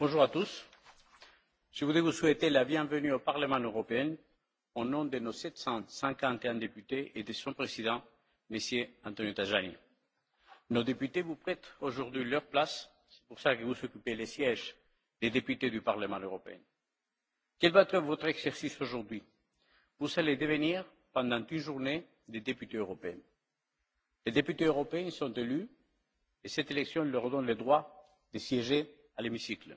Bonjour à tous. Je voudrais vous souhaiter la bienvenue au Parlement européen au nom de nos sept cent cinquante et un députés et de son président, M. Antonio Tajani. Nos députés vous prêtent aujourd'hui leur place, c'est pour cela que vous occupez les sièges des députés du Parlement européen. Quel va être votre exercice aujourd'hui Vous allez devenir, pendant une journée, des députés européens. Les députés européens sont élus et cette élection leur donne le droit de siéger à l'hémicycle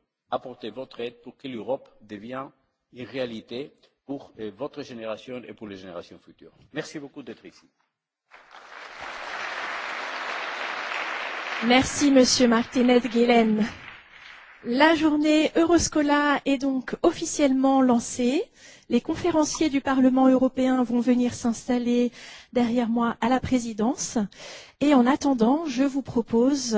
apporter votre aide pour que l'Europe devienne une réalité pour votre génération et pour les générations futures. Merci beaucoup d'être ici. Merci Monsieur Martinez Guillen. La journée Euroscola est donc officiellement lancée. Les conférenciers du Parlement européen vont venir s'installer derrière moi à la présidence. Et en attendant, je vous propose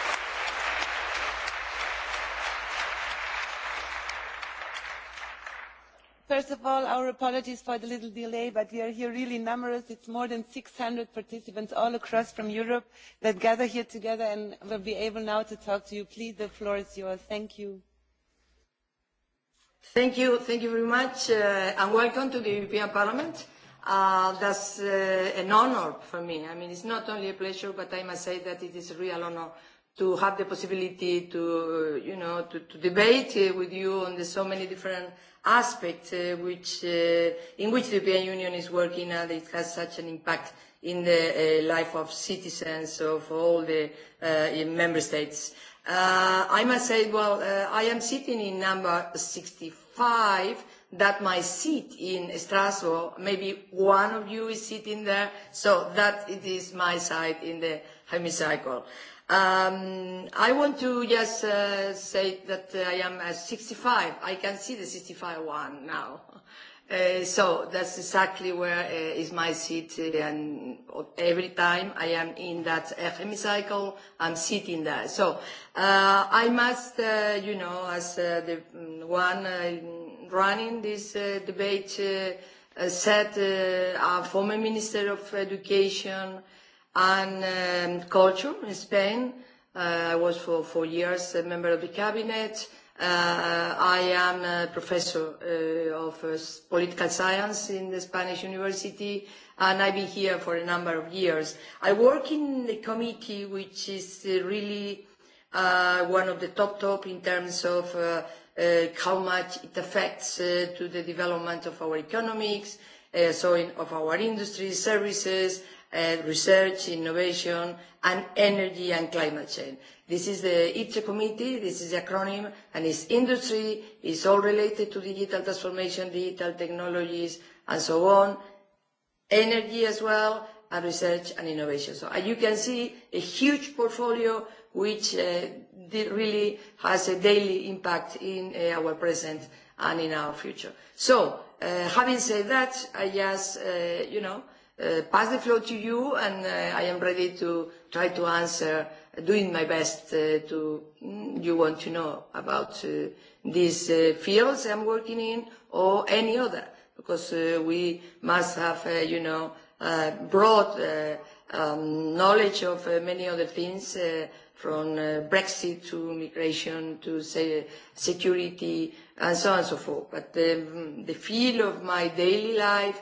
First of all, our apologies for the little delay, but we are here really numerous. It's more than six hundred participants all across from Europe that gather here together and will be able now to talk to you. Please, the floor is yours. Thank you. Thank you. Thank you very much, uh, and welcome to the European Parliament. Uh, that's uh, an honor for me. I mean, it's not only a pleasure, but I must say that it is a real honor to have the possibility to, you know, to, to debate uh, with you on the so many different aspects uh, which, uh, in which the European Union is working and it has such an impact in the uh, life of citizens of all the uh, member states. Uh, I must say, well, uh, I am sitting in number 65 that my seat in Strasbourg, maybe one of you is sitting there, so that it is my side in the hemicycle. Uh, Um, I want to just uh, say that I am at 65. I can see the 65 one now. Uh, so that's exactly where uh, is my seat, and every time I am in that hemicycle, I'm sitting there. So uh, I must, uh, you know, as uh, the one uh, running this uh, debate, uh, said, uh, our former Minister of Education, and um, culture in Spain. Uh, I was for four years a member of the cabinet. Uh, I am a professor uh, of uh, political science in the Spanish University, and I've been here for a number of years. I work in the committee, which is uh, really uh, one of the top top in terms of uh, uh, how much it affects uh, to the development of our economics, uh, so in, of our industry services, uh, research, innovation, and energy and climate change. This is the ITRE committee, this is the acronym, and it's industry, it's all related to digital transformation, digital technologies, and so on, energy as well, and research and innovation. So as you can see, a huge portfolio which uh, really has a daily impact in uh, our present and in our future. So uh, having said that, I just, uh, you know, uh, uh, pass the floor to you, and uh, I am ready to try to answer, doing my best uh, to you want to know about uh, these uh, fields I'm working in or any other, because uh, we must have, uh, you know, uh, broad uh, um, knowledge of uh, many other things. Uh, from uh, Brexit to migration to say, security and so on and so forth. But um the field of my daily life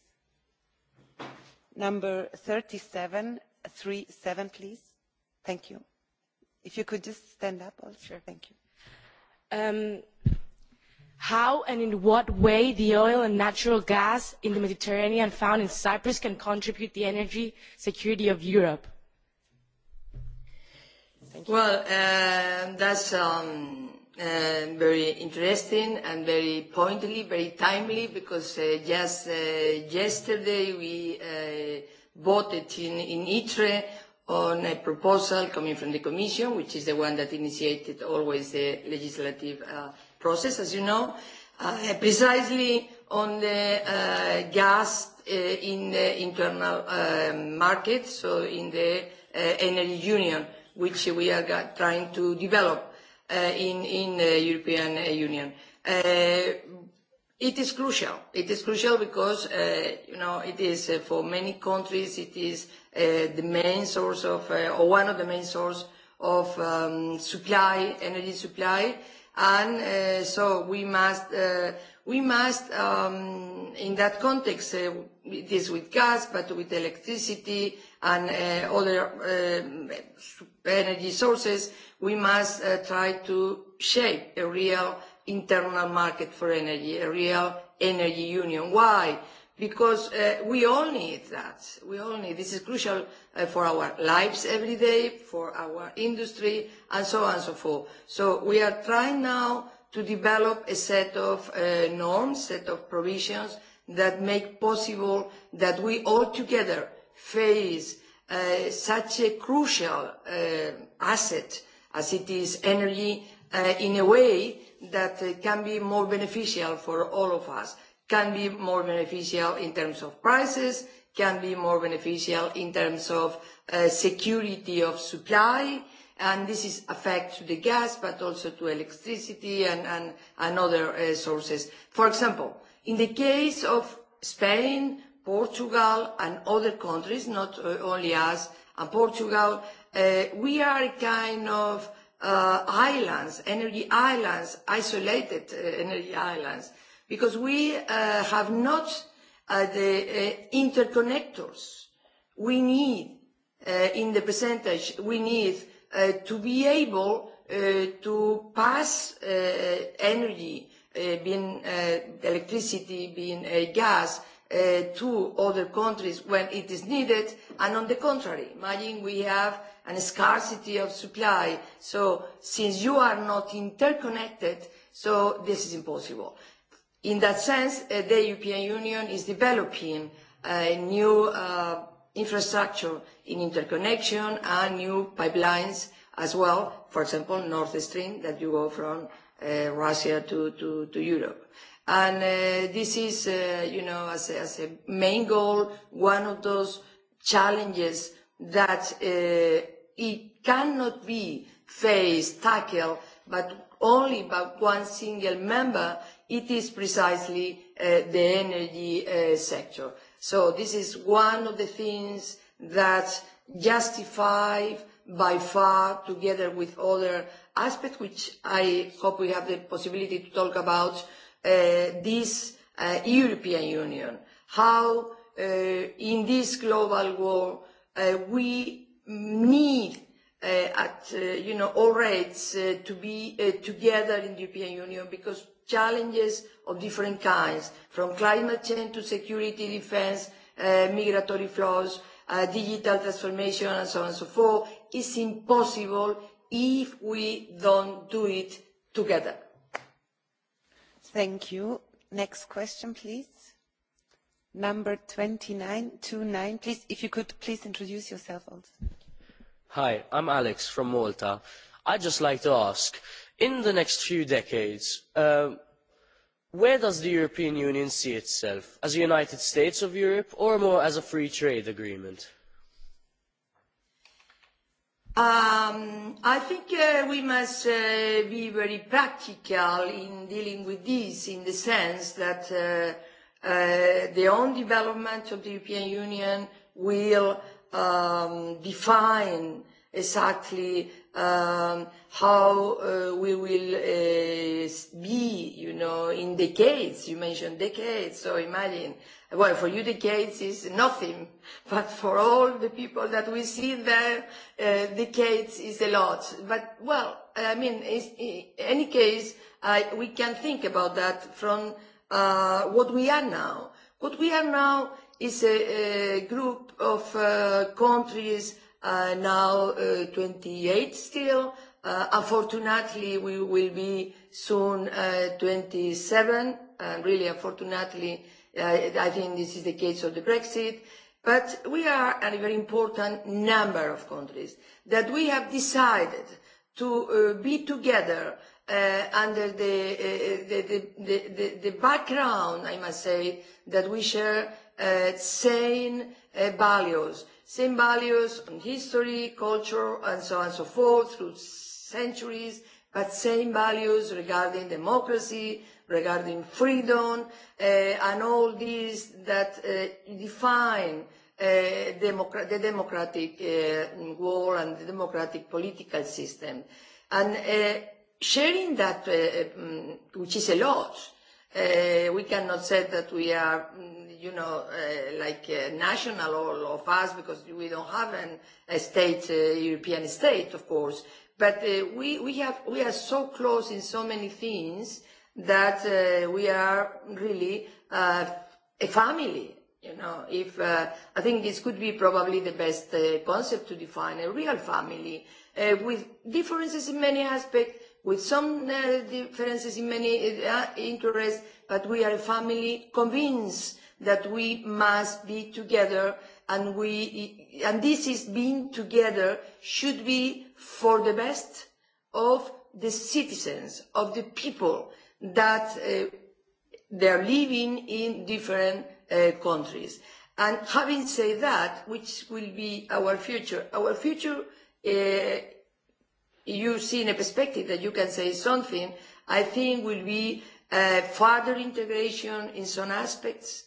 number seven please. Thank you. If you could just stand up also. Sure. Thank you. Um, how and in what way the oil and natural gas in the Mediterranean found in Cyprus can contribute the energy security of Europe? Well, uh, that's... Um, uh, very interesting and very pointedly, very timely, because uh, just uh, yesterday we uh, voted in, in ITRE on a proposal coming from the Commission, which is the one that initiated always the legislative uh, process, as you know, uh, precisely on the uh, gas uh, in the internal uh, market, so in the uh, energy union, which we are trying to develop in, in the European Union. Uh, it is crucial. It is crucial because, uh, you know, it is uh, for many countries, it is uh, the main source of, uh, or one of the main source of um, supply, energy supply. And uh, so we must, uh, we must, um, in that context, uh, it is with gas, but with electricity, and uh, other uh, energy sources, we must uh, try to shape a real internal market for energy, a real energy union. Why? Because uh, we all need that. We all need. This is crucial uh, for our lives every day, for our industry, and so on and so forth. So we are trying now to develop a set of uh, norms, set of provisions that make possible that we all together face such a crucial asset as it is energy in a way that can be more beneficial for all of us, can be more beneficial in terms of prices, can be more beneficial in terms of security of supply, and this is affect to the gas, but also to electricity and other sources. For example, in the case of Spain Portugal and other countries, not only us and Portugal, we are kind of uh, islands, energy islands, isolated uh, energy islands, because we uh, have not uh, the uh, interconnectors we need uh, in the percentage we need uh, to be able uh, to pass uh, energy, uh, being uh, electricity, being uh, gas, uh, to other countries when it is needed. And on the contrary, imagine we have a scarcity of supply. So since you are not interconnected, so this is impossible. In that sense, uh, the European Union is developing a new uh, infrastructure in interconnection and new pipelines as well, for example, North Stream that you go from uh, Russia to, to, to Europe And uh, this is, uh, you know, as a, as a main goal, one of those challenges that uh, it cannot be faced, tackled, but only by one single member, it is precisely uh, the energy uh, sector. So this is one of the things that justify by far, together with other aspects, which I hope we have the possibility to talk about, this European Union, how in this global war we need at you know all rates to be together in the European Union because challenges of different kinds, from climate change to security, defence, migratory flows, digital transformation, and so on and so forth, is impossible if we don't do it together Thank you. Next question, please. Number 2929, please, if you could please introduce yourself also. Hi, I'm Alex from Malta. I'd just like to ask, in the next few decades, where does the European Union see itself? As a United States of Europe or more as a free trade agreement? Um, I think uh, we must uh, be very practical in dealing with this in the sense that uh, uh, the own development of the European Union will um, define exactly um, how uh, we will uh, be, you know, in decades. You mentioned decades, so imagine. Well, for you, decades is nothing, but for all the people that we see there, uh, decades is a lot. But well, I mean, in any case, I, we can think about that from uh, what we are now. What we are now is a, a group of uh, countries uh, now uh, 28 still. Uh, unfortunately, we will be soon uh, 27. And really, unfortunately, uh, I think this is the case of the Brexit. But we are a very important number of countries that we have decided to be together under the, uh, the, the, the, the background, I must say, that we share uh, values, same values on history, culture, and so on and so forth through centuries, but same values regarding democracy, regarding freedom, uh, and all these that uh, define uh, democra- the democratic uh, world and the democratic political system. And uh, sharing that, uh, which is a lot, uh, we cannot say that we are you know, uh, like uh, national all of us, because we don't have an, a state, uh, European state, of course. But uh, we, we, have, we are so close in so many things that uh, we are really uh, a family. You know, if uh, I think this could be probably the best uh, concept to define a real family uh, with differences in many aspects, with some uh, differences in many uh, interests, but we are a family convinced that we must be together and we and this is being together should be for the best of the citizens of the people that uh, they are living in different uh, countries and having said that which will be our future our future uh, you see in a perspective that you can say something i think will be uh, further integration in some aspects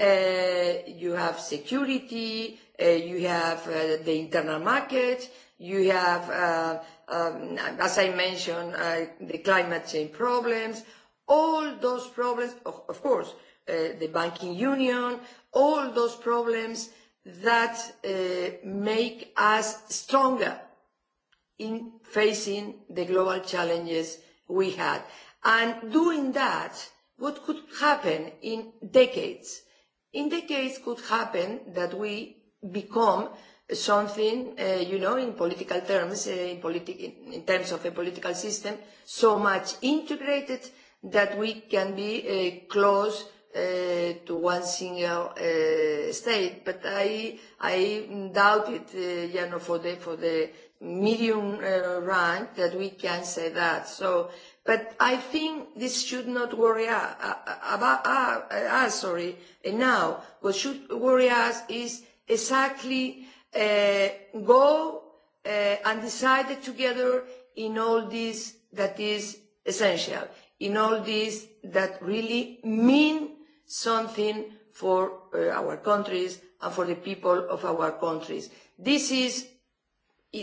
you have security, uh, you have uh, the internal market, you have, uh, um, as I mentioned, uh, the climate change problems, all those problems, of, of course, uh, the banking union, all those problems that uh, make us stronger in facing the global challenges we had. And doing that, what could happen in decades? in the case could happen that we become something, uh, you know, in political terms, uh, in, politi- in terms of a political system, so much integrated that we can be uh, close uh, to one single uh, state. But I, I doubt it, uh, you know, for the, for the medium uh, run that we can say that. So But I think this should not worry us, about, uh, sorry, now. What should worry us is exactly uh, go uh, and decide together in all this that is essential, in all this that really mean something for uh, our countries and for the people of our countries. This is,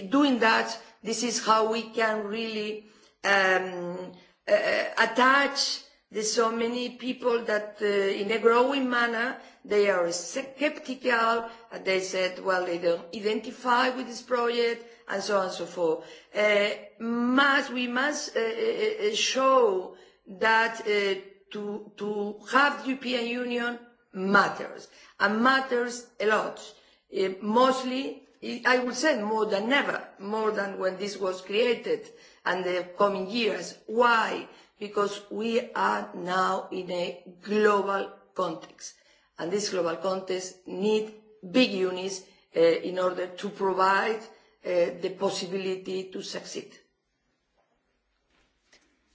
doing that, this is how we can really um, uh, attach There's so many people that, uh, in a growing manner, they are skeptical. And they said, well, they don't identify with this project, and so on and so forth. Uh, must, we must uh, uh, show that uh, to, to have the European Union matters, and matters a lot. Uh, mostly, I would say more than never, more than when this was created and the coming years. Why? Because we are now in a global context, and this global context need big units in order to provide the possibility to succeed.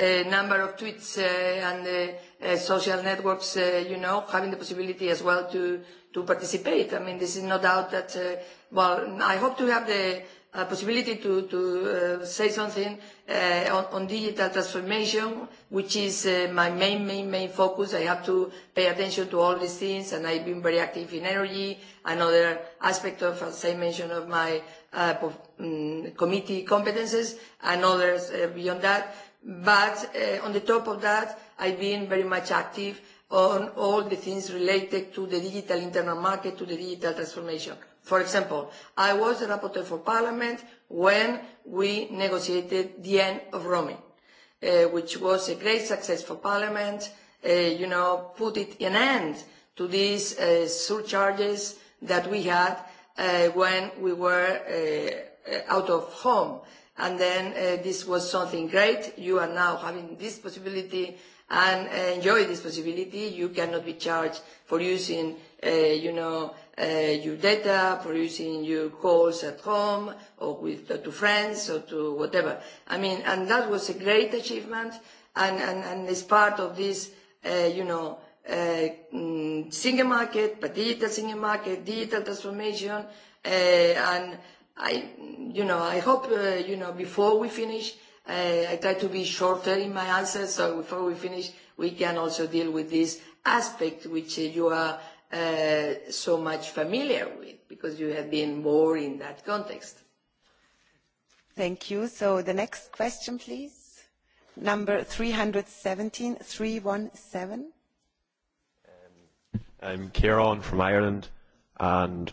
a number of tweets uh, and uh, uh, social networks, uh, you know, having the possibility as well to, to participate. I mean, this is no doubt that, uh, well, I hope to have the uh, possibility to, to uh, say something uh, on, on digital transformation, which is uh, my main, main, main focus. I have to pay attention to all these things, and I've been very active in energy, another aspect of, as I mentioned, of my uh, committee competences, and others uh, beyond that But uh, on the top of that, I've been very much active on all the things related to the digital internal market, to the digital transformation. For example, I was the rapporteur for Parliament when we negotiated the end of roaming, uh, which was a great success for Parliament, uh, you know, put it an end to these uh, surcharges that we had uh, when we were uh, out of home and then uh, this was something great. You are now having this possibility and uh, enjoy this possibility. You cannot be charged for using, uh, you know, uh, your data, for using your calls at home or with uh, to friends or to whatever. I mean, and that was a great achievement, and and and it's part of this, uh, you know. Uh, single market, but digital single market, digital transformation, uh, and I, you know, I hope, uh, you know, before we finish, uh, I try to be shorter in my answer, so before we finish, we can also deal with this aspect which uh, you are uh, so much familiar with, because you have been more in that context. Thank you. So the next question, please. Number 317, 317. Um, I'm Kieran from Ireland, and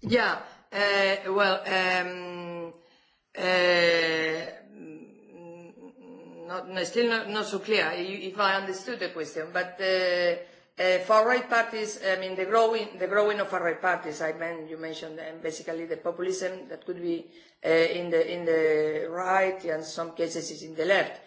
Yeah. uh Well, um uh not still not not so clear if I understood the question, but uh uh far-right parties, I mean, the growing the growing of far-right parties, I meant you mentioned um basically the populism that could be uh in the in the right, and some cases is in the left.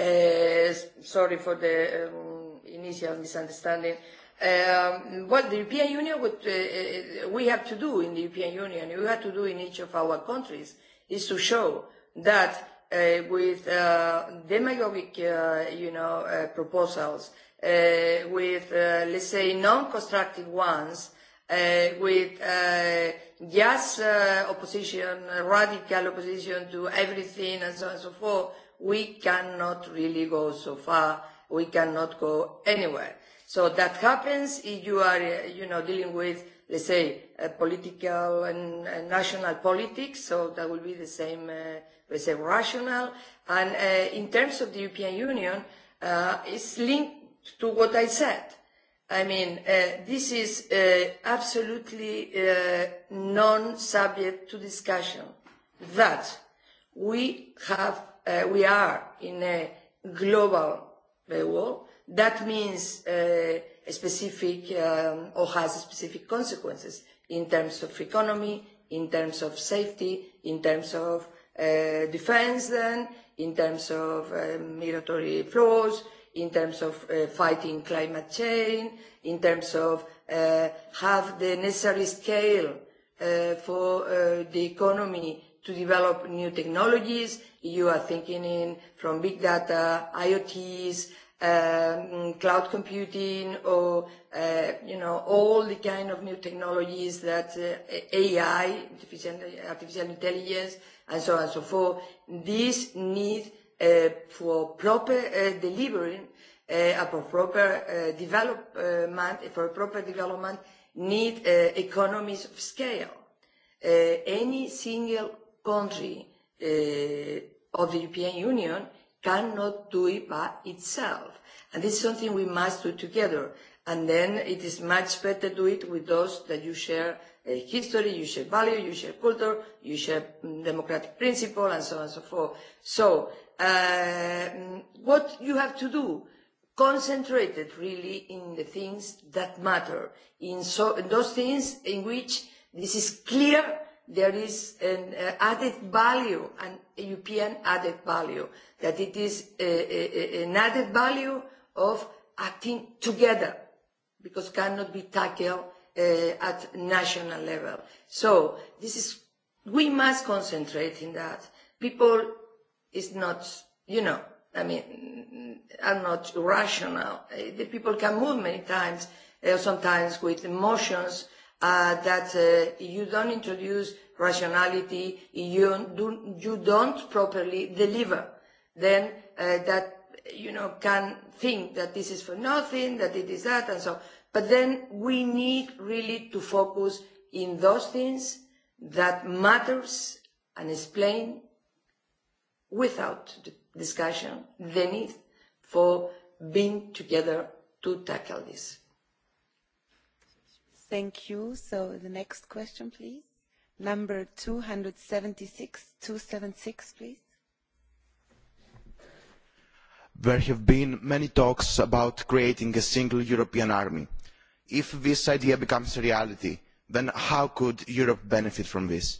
Uh Sorry for the um initial misunderstanding. Um, well, the European Union, what uh, we have to do in the European Union, we have to do in each of our countries, is to show that uh, with uh, demagogic, uh, you know, uh, proposals, uh, with, uh, let's say, non-constructive ones, uh, with uh, just uh, opposition, radical opposition to everything and so on and so forth, we cannot really go so far. We cannot go anywhere So that happens if you are, you know, dealing with, let's say, uh, political and uh, national politics. So that will be the same, uh, let's say, rational. And uh, in terms of the European Union, uh, it's linked to what I said. I mean, uh, this is uh, absolutely uh, non-subject to discussion. That we have, uh, we are in a global uh, world that means uh, specific um, or has specific consequences in terms of economy, in terms of safety, in terms of uh, defense then, in terms of uh, migratory flows, in terms of uh, fighting climate change, in terms of uh, have the necessary scale uh, for uh, the economy to develop new technologies. You are thinking in from big data, IoTs, um, cloud computing or uh, you know all the kind of new technologies that uh, AI, artificial, artificial intelligence, and so on and so forth. This need uh, for proper uh, delivery, uh, for proper uh, development, for proper development, need uh, economies of scale. Uh, any single country uh, of the European Union cannot do it by itself. And this is something we must do together. And then it is much better to do it with those that you share a history, you share value, you share culture, you share democratic principle, and so on and so forth. So uh, what you have to do, concentrated really in the things that matter, in, so, in those things in which this is clear there is an added value, an European added value, that it is a, an added value of acting together, because cannot be tackled uh, at national level. So this is, we must concentrate in that. People is not, you know, I mean, are not rational. The people can move many times, sometimes with emotions, uh, that uh, you don't introduce rationality, you, don't you don't properly deliver, then uh, that you know can think that this is for nothing, that it is that, and so. But then we need really to focus in those things that matters and explain without discussion the need for being together to tackle this. Thank you. So the next question, please. Number 276, 276, please. There have been many talks about creating a single European army. If this idea becomes a reality, then how could Europe benefit from this?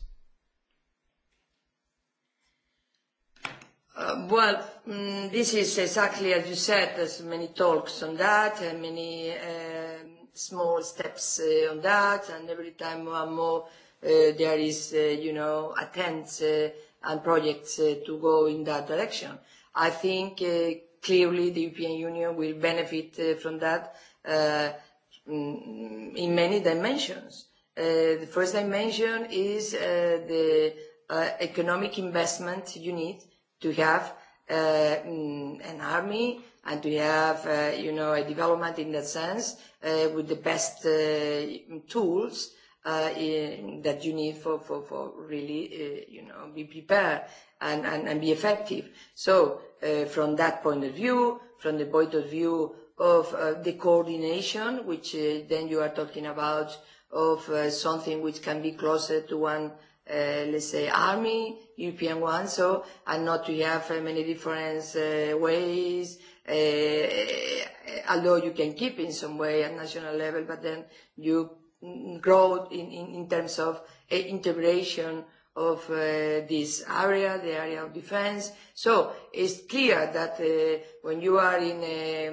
Well, this is exactly as you said, there's many talks on that and many small steps uh, on that, and every time more and more uh, there is, uh, you know, attempts uh, and projects uh, to go in that direction. I think uh, clearly the European Union will benefit uh, from that uh, in many dimensions. Uh, the first dimension is uh, the uh, economic investment you need to have uh, an army and to have, uh, you know, a development in that sense uh, with the best uh, tools uh, in, that you need for, for, for really, uh, you know, be prepared and, and, and be effective. So uh, from that point of view, from the point of view of uh, the coordination, which uh, then you are talking about of uh, something which can be closer to one uh, let's say, army, European one, so, and not to have many different uh, ways uh, although you can keep in some way at national level, but then you grow in, in, in terms of uh, integration of uh, this area, the area of defense. So it's clear that uh, when you are in a,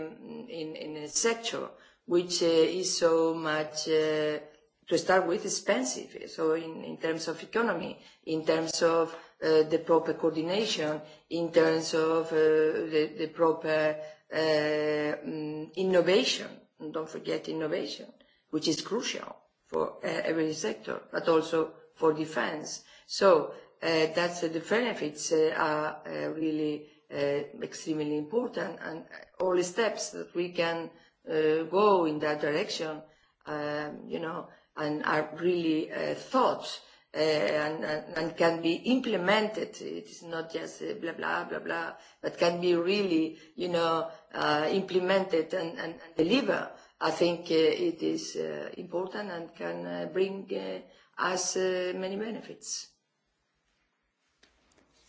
in, in a sector which uh, is so much, uh, to start with, expensive, so in, in terms of economy, in terms of the proper coordination in terms of uh, the, the proper uh, innovation. And don't forget innovation, which is crucial for uh, every sector, but also for defense. So uh, that's uh, the benefits uh, are uh, really uh, extremely important, and all the steps that we can uh, go in that direction, um, you know, and are really uh, thoughts uh, and, and can be implemented. It is not just uh, blah, blah, blah, blah, but can be really, you know, uh, implemented and, and, and deliver. I think uh, it is uh, important and can uh, bring uh, us uh, many benefits.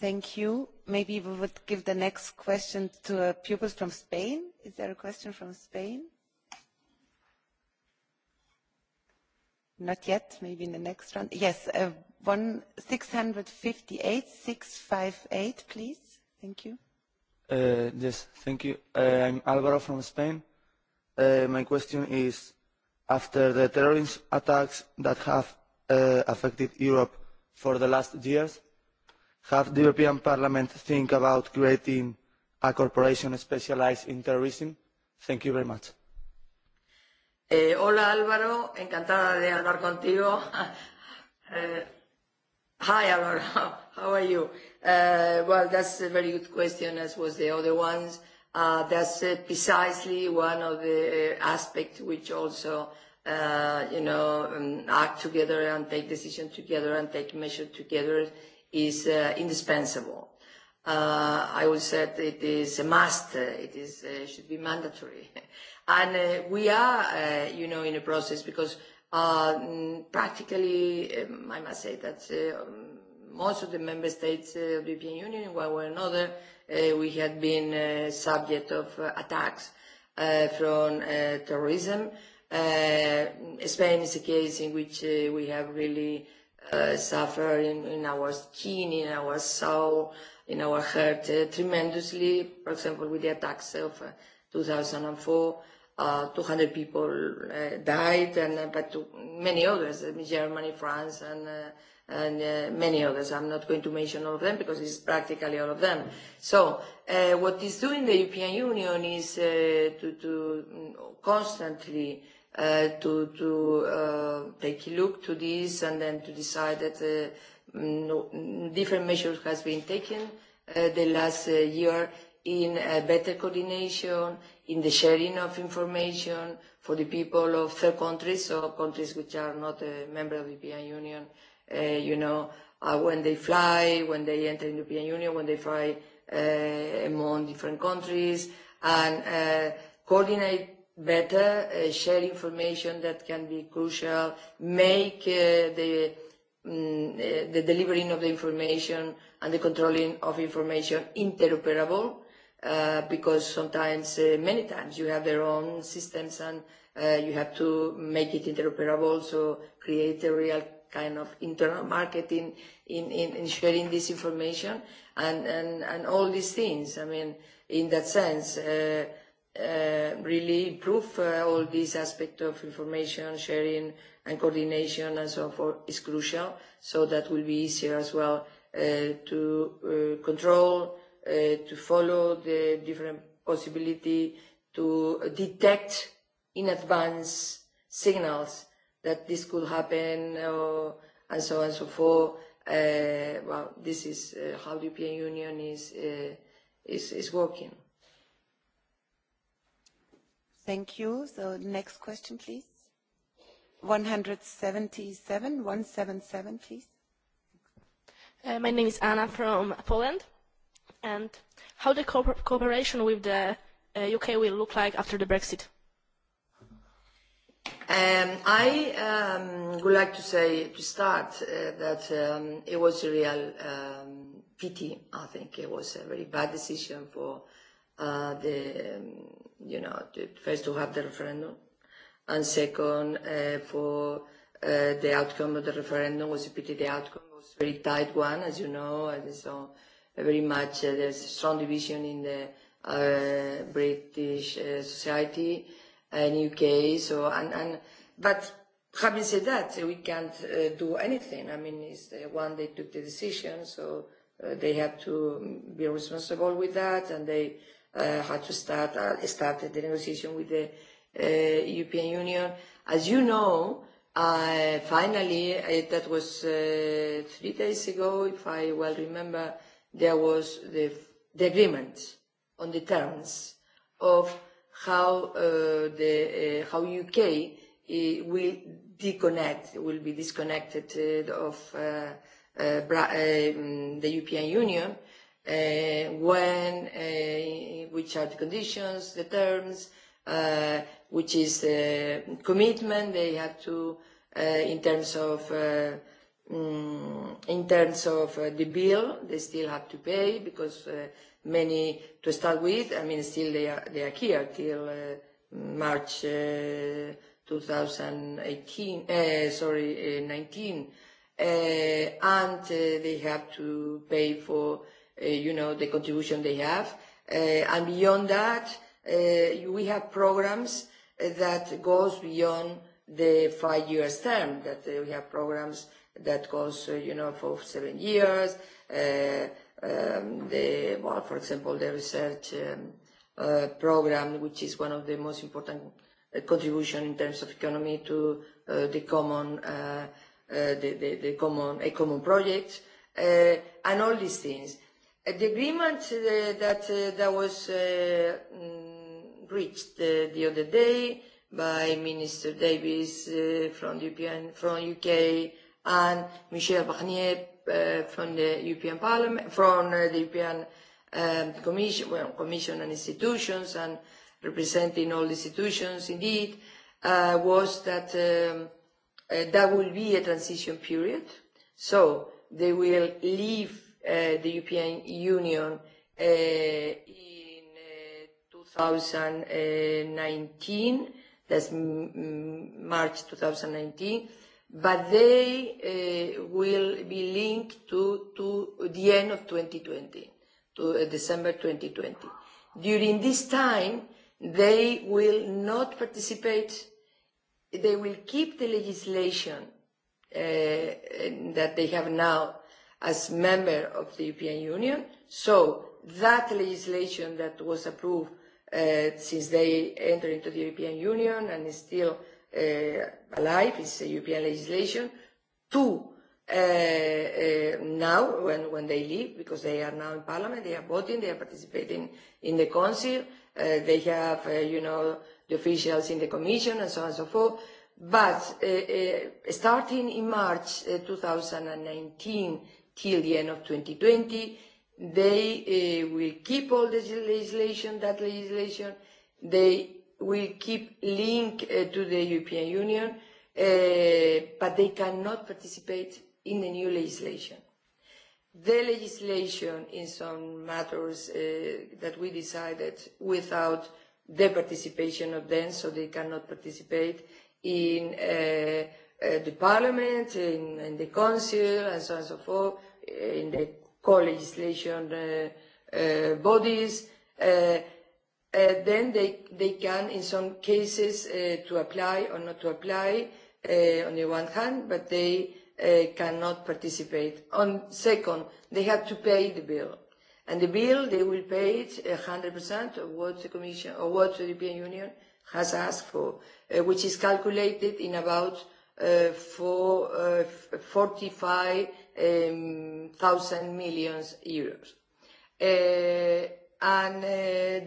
Thank you. Maybe we would give the next question to a pupils from Spain. Is there a question from Spain? Not yet, maybe in the next round. Yes, uh, one 658, 658, please. Thank you. yes, thank you. I'm Alvaro from Spain. my question is, after the terrorist attacks that have uh, affected Europe for the last years, have the European Parliament think about creating a corporation specialized in terrorism? Thank you very much. Eh, hola Álvaro, encantada de hablar contigo. uh, hi Álvaro, how are you? Uh, well, that's a very good question, as was the other ones. Uh, that's uh, precisely one of the aspects which also, uh, you know, um, act together and take decisions together and take measures together is uh, indispensable. Uh, I would say it is a must. It is uh, should be mandatory. And uh, we are, uh, you know, in a process because uh, practically, um, I must say that uh, most of the member states uh, of the European Union, one way or another, uh, we had been uh, subject of uh, attacks uh, from uh, terrorism. Uh, Spain is a case in which uh, we have really uh, suffered in, in our skin, in our soul, in our heart uh, tremendously, for example, with the attacks of uh, 2004 uh, 200 people uh, died, and uh, but to many others, uh, Germany, France, and, uh, and uh, many others. I'm not going to mention all of them because it's practically all of them. So uh, what is doing the European Union is uh, to, to constantly uh, to, to uh, take a look to this and then to decide that uh, no, different measures has been taken uh, the last uh, year in a better coordination, in the sharing of information for the people of third countries, so countries which are not a member of the European Union, uh, you know, uh, when they fly, when they enter the European Union, when they fly uh, among different countries, and uh, coordinate better, uh, share information that can be crucial, make uh, the mm, the delivering of the information and the controlling of information interoperable uh, because sometimes, uh, many times, you have their own systems and uh, you have to make it interoperable, so create a real kind of internal market in, in, in, in sharing this information and, and, and all these things. I mean, in that sense, uh, uh, really improve uh, all these aspects of information sharing and coordination and so forth is crucial. So that will be easier as well uh, to uh, control uh, to follow the different possibility to detect in advance signals that this could happen or, and so on and so forth. Uh, well, this is uh, how the European Union is, uh, is, is working. Thank you. So next question, please. 177, 177, please. Uh, my name is Anna from Poland and how the co cooperation with the uh UK will look like after the Brexit? Um, I um, would like to say to start uh, that um, it was a real um, pity. I think it was a very bad decision for uh, the um, you know to, first to have the referendum, and second uh, for uh, the outcome of the referendum was a pity. The outcome was a very tight one, as you know, and so very much, uh, there's strong division in the uh, British uh, society and UK. So, and, and, but having said that, we can't uh, do anything. I mean, it's the one they took the decision, so uh, they have to be responsible with that, and they uh, had to start uh, started the negotiation with the uh, European Union. As you know, uh, finally, uh, that was uh, three days ago, if I well remember, there was the, the agreement on the terms of how uh, the uh, how UK will disconnect will be disconnected uh, of uh, uh, Bra- uh, the European Union uh, when uh, which are the conditions the terms uh, which is the commitment they have to uh, in terms of uh, in terms of uh, the bill they still have to pay because uh, many to start with i mean still they are they are here till uh, march uh, 2018 uh, sorry uh, 19 uh, and uh, they have to pay for uh, you know the contribution they have uh, and beyond that uh, we have programs that goes beyond the five years term that uh, we have programs that goes, uh, you know, for seven years. Uh, um, the, well, for example, the research um, uh, program, which is one of the most important uh, contribution in terms of economy to uh, the common, uh, uh, the, the, the common, a common project, uh, and all these things. the agreement uh, that uh, that was uh, reached uh, the other day by Minister Davies uh, from the from UK, and Michel Barnier uh, from the European Parliament, from uh, the European um, Commission, well, Commission and institutions, and representing all the institutions indeed, uh, was that um, uh, that will be a transition period. So they will leave uh, the European Union uh, in uh, 2019, that's m- March 2019, but they uh, will be linked to, to the end of 2020, to uh, December 2020. During this time, they will not participate, they will keep the legislation uh, that they have now as member of the European Union. So that legislation that was approved uh, since they entered into the European Union and is still uh, alive, it's a European legislation, to uh, uh, now, when, when they leave, because they are now in Parliament, they are voting, they are participating in the Council, uh, they have, uh, you know, the officials in the Commission and so on and so forth. But uh, uh, starting in March uh, 2019 till the end of 2020, they uh, will keep all this legislation, that legislation. They will keep linked uh, to the European Union, uh, but they cannot participate in the new legislation. The legislation in some matters uh, that we decided without the participation of them, so they cannot participate in uh, uh, the parliament, in, in the council, and so on and so forth, in the co-legislation uh, uh, bodies, uh, then they, they can, in some cases, uh, to apply or not to apply uh, on the one hand, but they uh, cannot participate. On second, they have to pay the bill. And the bill, they will pay it 100% of what the Commission or what the European Union has asked for, uh, which is calculated in about uh, for, uh, 45,000 um, million euros. Uh, and uh,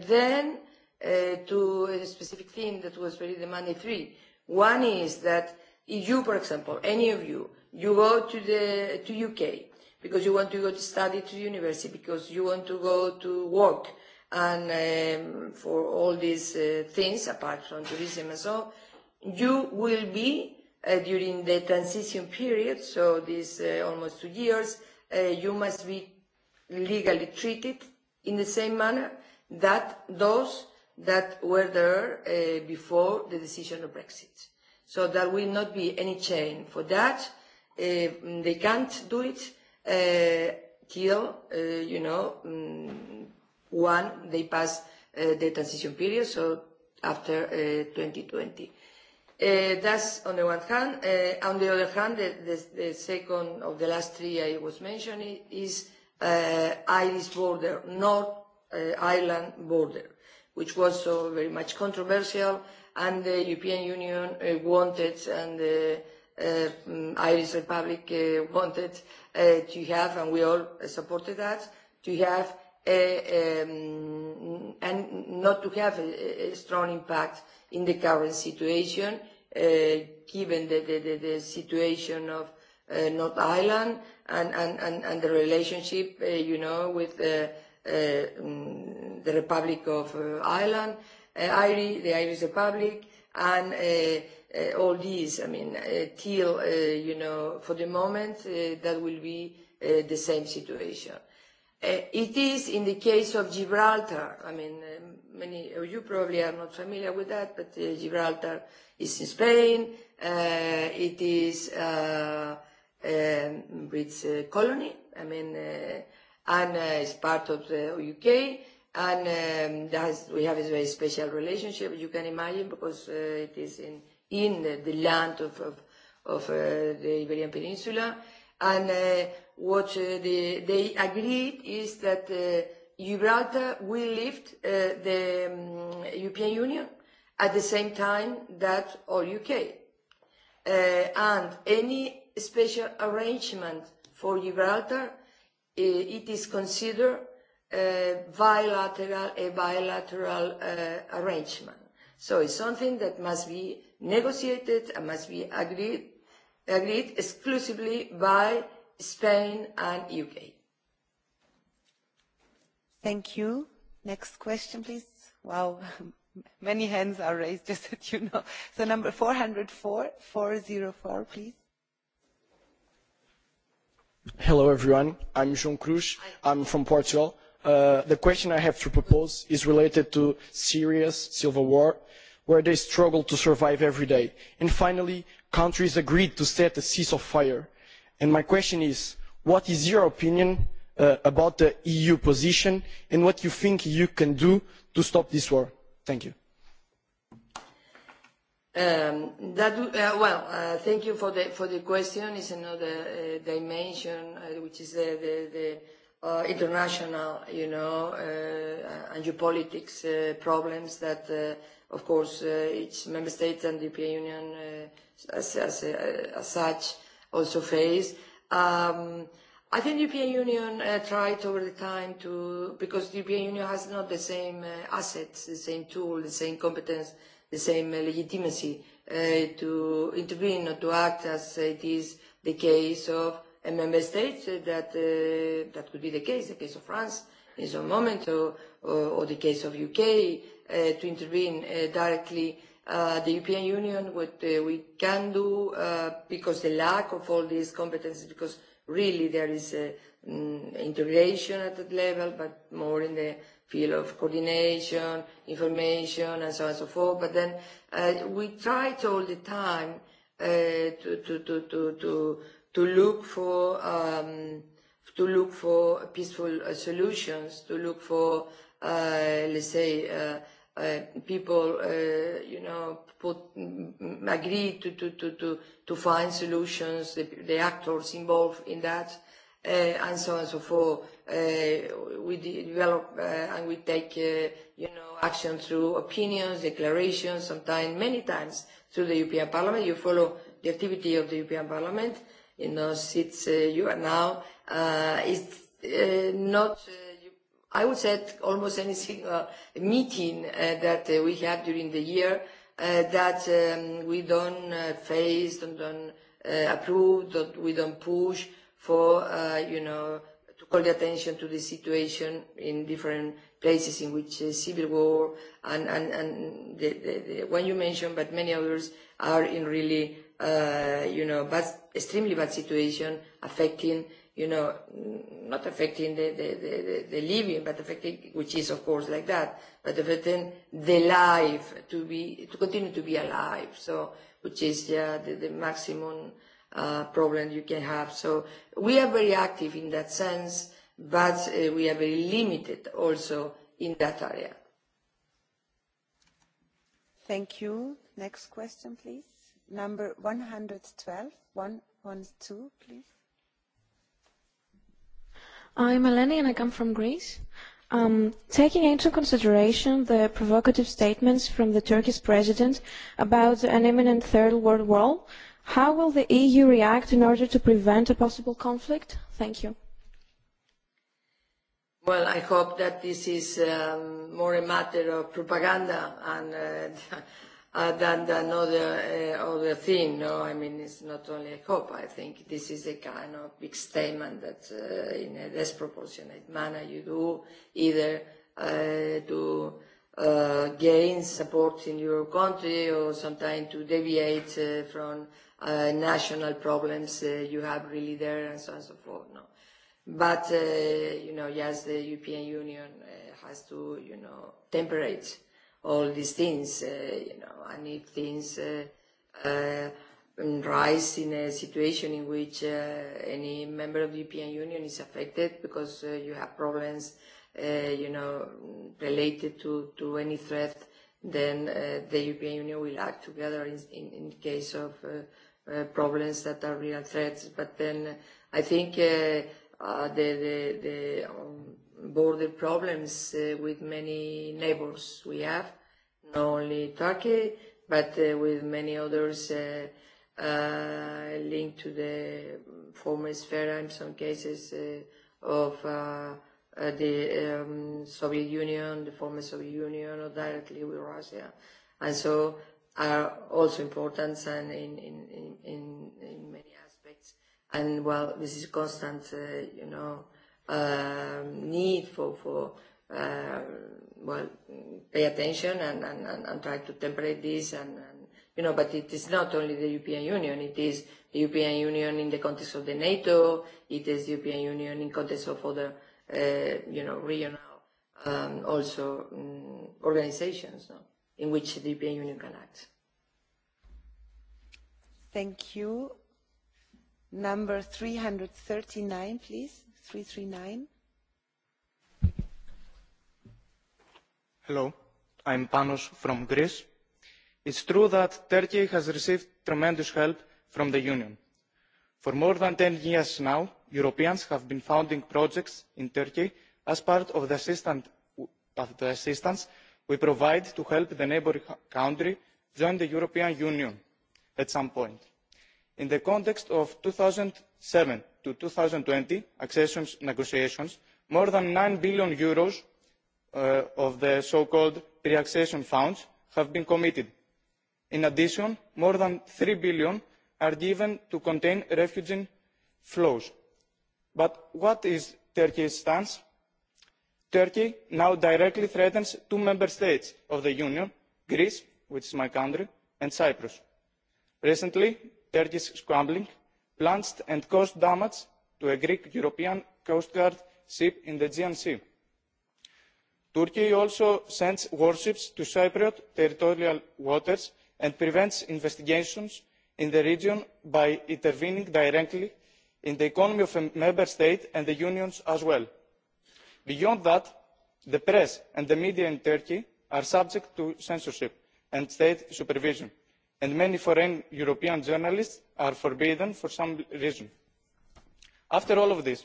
then to a specific thing that was very demanding three. One is that if you, for example, any of you, you go to the to UK because you want to go to study to university, because you want to go to work, and um, for all these uh, things, apart from tourism and so, you will be uh, during the transition period, so this uh, almost two years, uh, you must be legally treated in the same manner that those that were there uh, before the decision of Brexit. So there will not be any change for that. Uh, they can't do it uh, till, uh, you know, um, one, they pass uh, the transition period, so after uh, 2020. Uh, that's on the one hand. Uh, on the other hand, the, the, the second of the last three I was mentioning is uh, Irish border, not uh, Ireland border which was so very much controversial, and the European Union uh, wanted, and the uh, Irish Republic uh, wanted uh, to have, and we all supported that, to have a, um, and not to have a, a strong impact in the current situation, uh, given the, the, the, the situation of uh, North Ireland and, and, and, and the relationship, uh, you know, with uh, the Republic of uh, Ireland, uh, IRI, the Irish Republic, and uh, uh, all these. I mean, uh, till uh, you know, for the moment, uh, that will be uh, the same situation. Uh, it is in the case of Gibraltar. I mean, uh, many of you probably are not familiar with that, but uh, Gibraltar is in Spain. Uh, it is uh, um, British uh, colony. I mean. Uh, and uh, is part of the UK. And um, has, we have a very special relationship, you can imagine, because uh, it is in, in the, the land of, of, of uh, the Iberian Peninsula. And uh, what uh, the, they agreed is that uh, Gibraltar will lift uh, the um, European Union at the same time that all UK. Uh, and any special arrangement for Gibraltar it is considered a bilateral, a bilateral uh, arrangement. So it's something that must be negotiated and must be agreed, agreed exclusively by Spain and UK. Thank you. Next question, please. Wow, many hands are raised, just that you know. So number 404, 404, please. Hello, everyone. I'm João Cruz. I'm from Portugal. Uh, the question I have to propose is related to Syria's civil war, where they struggle to survive every day. And finally, countries agreed to set a ceasefire. And my question is, what is your opinion uh, about the EU position and what you think you can do to stop this war? Thank you. Um, that, uh, well, uh, thank you for the, for the question. It's another uh, dimension, uh, which is the, the, the uh, international, you know, uh, and geopolitics uh, problems that, uh, of course, uh, each member state and the European Union uh, as, as, as such also face. Um, I think the European Union uh, tried over the time to, because the European Union has not the same uh, assets, the same tool, the same competence the same legitimacy uh, to intervene or to act as it is the case of a member state that uh, that could be the case, the case of France in some moment, or, or, or the case of UK uh, to intervene uh, directly. Uh, the European Union, what uh, we can do, uh, because the lack of all these competences, because really there is a, um, integration at that level, but more in the field of coordination, information, and so on and so forth. But then uh, we tried all the time uh, to, to, to, to, to, to look for um, to look for peaceful uh, solutions, to look for, uh, let's say, uh, uh, people, uh, you know, put, agree to, to, to, to, to find solutions, the, the actors involved in that uh, and so on and so forth. Uh, we develop uh, and we take, uh, you know, action through opinions, declarations, sometimes, many times through the European Parliament. You follow the activity of the European Parliament in those seats uh, you are now. Uh, it's uh, not, uh, I would say, almost any single meeting uh, that uh, we have during the year uh, that um, we don't uh, face, don't, don't uh, approve, that we don't push, for, uh, you know, to call the attention to the situation in different places in which uh, civil war and, and, and the, the, the one you mentioned, but many others are in really, uh, you know, bad, extremely bad situation affecting, you know, not affecting the, the, the, the living, but affecting, which is of course like that, but affecting the life to be, to continue to be alive. So, which is yeah, the, the maximum uh, problem you can have. So we are very active in that sense, but uh, we are very limited also in that area. Thank you. Next question, please. Number 112, 112, please. I'm Eleni and I come from Greece. Um, taking into consideration the provocative statements from the Turkish president about an imminent third world war, How will the EU react in order to prevent a possible conflict? Thank you. Well, I hope that this is um, more a matter of propaganda and uh, uh, than another uh, other thing. No, I mean it's not only a hope. I think this is a kind of big statement that, uh, in a disproportionate manner, you do either uh, to uh, gain support in your country or sometimes to deviate uh, from uh, national problems uh, you have really there and so on and so forth. No? But, uh, you know, yes, the European Union uh, has to, you know, temperate all these things, uh, you know, and if things uh, uh, rise in a situation in which uh, any member of the European Union is affected because uh, you have problems, uh, you know, related to, to any threat, then uh, the European Union will act together in, in, in case of uh, uh, problems that are real threats. But then I think uh, uh, the, the, the um, border problems uh, with many neighbors we have, not only Turkey, but uh, with many others uh, uh, linked to the former sphere in some cases uh, of uh, uh, the um, Soviet Union, the former Soviet Union, or directly with Russia. And so are also important and in, in, in, in, in many aspects. And while this is constant, uh, you know, need for, for uh, well, pay attention and, and, and, try to temperate this and, and you know, but it is not only the European Union, it is the European Union in the context of the NATO, it is the European Union in context of other, uh, you know, regional, um, also um, organizations, no? in which the European Union can act. Thank you. Number 339, please. 339. Hello, I'm Panos from Greece. It's true that Turkey has received tremendous help from the Union. For more than 10 years now, Europeans have been founding projects in Turkey as part of the assistance we provide to help the neighbouring country join the european union at some point. in the context of two thousand and seven to two thousand and twenty accession negotiations more than eur nine billion of the so called pre accession funds have been committed. in addition more than eur three billion are given to contain refugee flows. but what is turkey's stance turkey now directly threatens two member states of the union greece which is my country and cyprus. recently turkey's squabbling plunged and caused damage to a greek european coastguard ship in the aegean sea. turkey also sends warships to cypriot territorial waters and prevents investigations in the region by intervening directly in the economy of a member state and the union's as well beyond that the press and the media in turkey are subject to censorship and state supervision and many foreign european journalists are forbidden for some reason. after all of this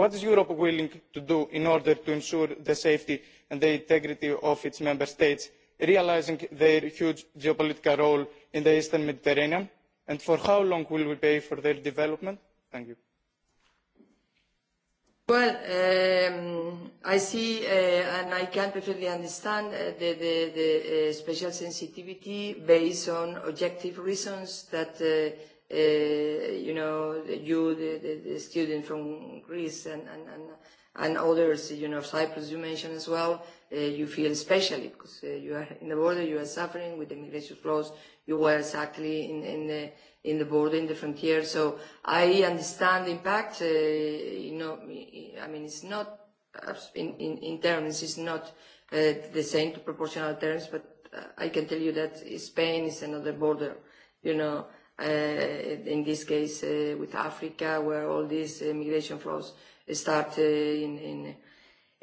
what is europe willing to do in order to ensure the safety and the integrity of its member states realising their huge geopolitical role in the eastern mediterranean and for how long will we pay for their development? thank you. Well, um, I see uh, and I can perfectly understand uh, the, the, the uh, special sensitivity based on objective reasons that, uh, uh, you know, you, the, the, the student from Greece and, and, and and others, you know, Cyprus you mentioned as well, uh, you feel especially because uh, you are in the border, you are suffering with the migration flows, you were exactly in, in, the, in the border, in the frontier. So I understand the impact, uh, you know, I mean, it's not, in, in, in terms, it's not uh, the same to proportional terms, but I can tell you that Spain is another border, you know, uh, in this case uh, with Africa, where all these uh, migration flows start uh, in, in,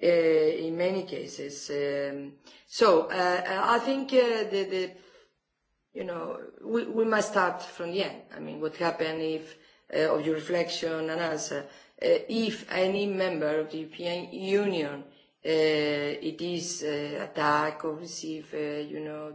uh, in many cases. Um, so uh, I think uh, the, the, you know, we, we must start from the end. I mean, what happened if, uh, of your reflection and answer, uh, if any member of the European Union uh, it is uh, attack or receive, uh, you know,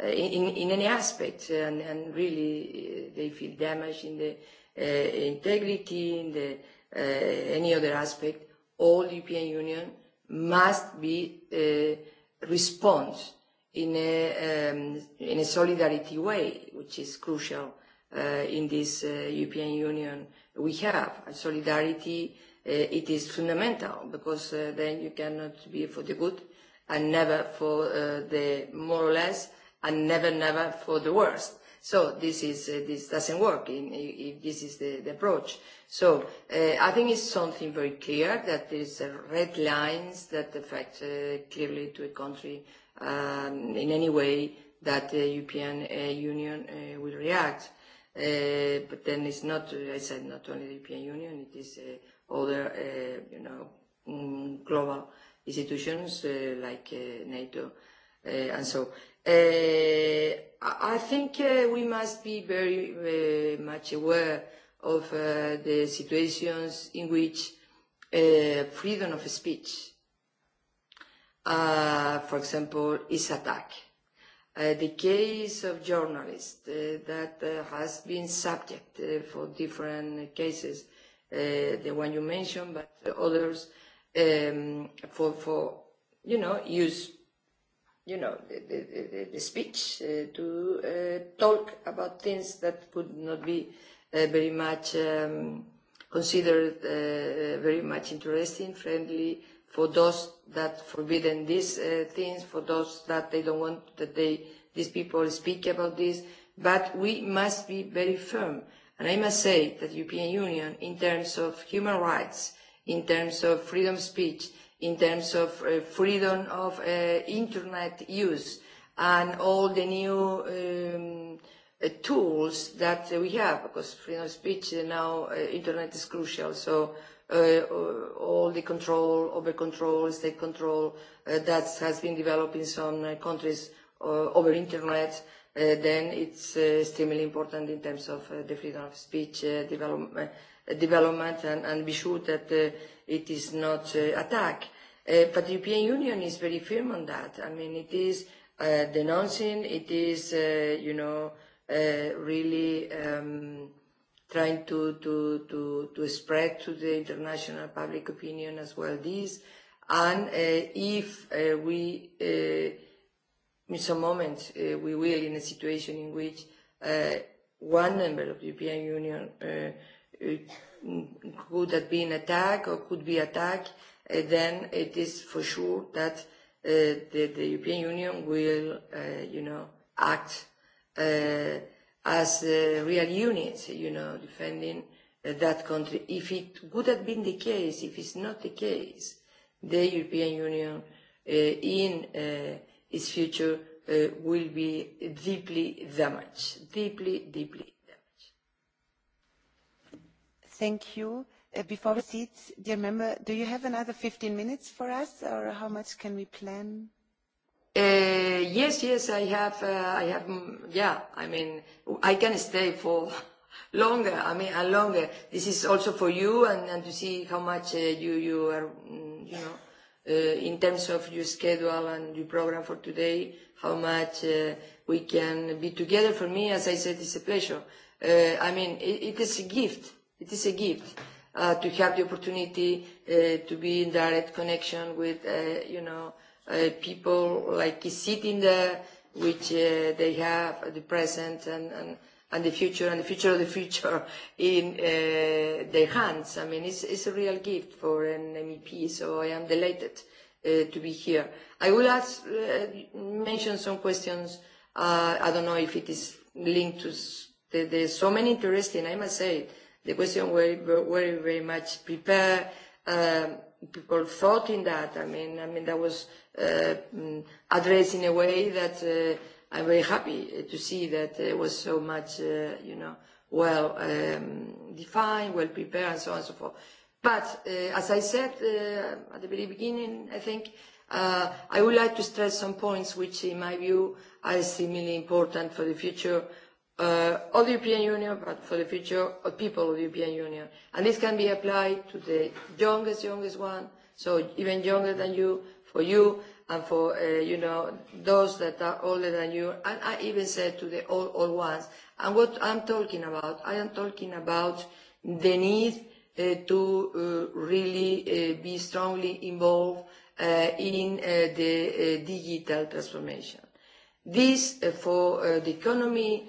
uh, in, in any aspect, and, and really uh, they feel damaged in the uh, integrity, in the uh, any other aspect, all European Union must be uh, respond in a, um, in a solidarity way, which is crucial uh, in this uh, European Union we have. And solidarity, uh, it is fundamental, because uh, then you cannot be for the good and never for uh, the more or less, and never, never for the worst So this is uh, this doesn't work in, if this is the, the approach. So uh, I think it's something very clear that there is a red lines that affect uh, clearly to a country um, in any way that the European uh, Union uh, will react. Uh, but then it's not, uh, I said, not only the European Union, it is uh, other, uh, you know, global institutions uh, like uh, NATO uh, and so. Uh, I think uh, we must be very very much aware of uh, the situations in which uh, freedom of speech, uh, for example, is attacked. Uh, the case of journalists uh, that uh, has been subject uh, for different cases, uh, the one you mentioned, but others, um, for, for, you know, use you know, the, the, the, the speech uh, to uh, talk about things that could not be uh, very much um, considered uh, very much interesting, friendly for those that forbidden these uh, things, for those that they don't want that they, these people speak about this. But we must be very firm. And I must say that the European Union, in terms of human rights, in terms of freedom of speech, in terms of uh, freedom of uh, internet use and all the new um, uh, tools that we have, because freedom of speech uh, now uh, internet is crucial. So uh, all the control, over control, state control uh, that has been developed in some uh, countries uh, over internet, uh, then it's uh, extremely important in terms of uh, the freedom of speech uh, development. Uh, development and, and be sure that uh, it is not uh, attacked. Uh, but the European Union is very firm on that. I mean, it is uh, denouncing, it is, uh, you know, uh, really um, trying to, to, to, to spread to the international public opinion as well this. And uh, if uh, we, uh, in some moments, uh, we will in a situation in which uh, one member of the European Union uh, it could have been attacked or could be attacked, then it is for sure that uh, the, the European Union will, uh, you know, act uh, as uh, real units, you know, defending uh, that country. If it would have been the case, if it's not the case, the European Union uh, in uh, its future uh, will be deeply damaged, deeply, deeply Thank you. Uh, before we sit, dear member, do you have another 15 minutes for us, or how much can we plan? Uh, yes, yes, I have. Uh, I have. Yeah, I mean, I can stay for longer. I mean, and longer. This is also for you, and, and to see how much uh, you you are, you know, uh, in terms of your schedule and your program for today, how much uh, we can be together. For me, as I said, it's a pleasure. Uh, I mean, it, it is a gift It is a gift uh, to have the opportunity uh, to be in direct connection with, uh, you know, uh, people like is sitting there, which uh, they have the present and, and, and the future and the future of the future in uh, their hands. I mean, it's, it's a real gift for an MEP, so I am delighted uh, to be here. I will ask, uh, mention some questions. Uh, I don't know if it is linked to s- the, the so many interesting, I must say, the question were, were very much prepared. Um, people thought in that. I mean, I mean that was uh, addressed in a way that uh, I'm very happy to see that it was so much, uh, you know, well um, defined, well prepared, and so on and so forth. But uh, as I said uh, at the very beginning, I think uh, I would like to stress some points which, in my view, are extremely important for the future uh, of the European Union, but for the future, of people of the European Union. And this can be applied to the youngest, youngest one, so even younger than you, for you, and for, uh, you know, those that are older than you, and I even said to the old, old ones. And what I'm talking about, I am talking about the need uh, to uh, really uh, be strongly involved uh, in uh, the uh, digital transformation. This uh, for uh, the economy,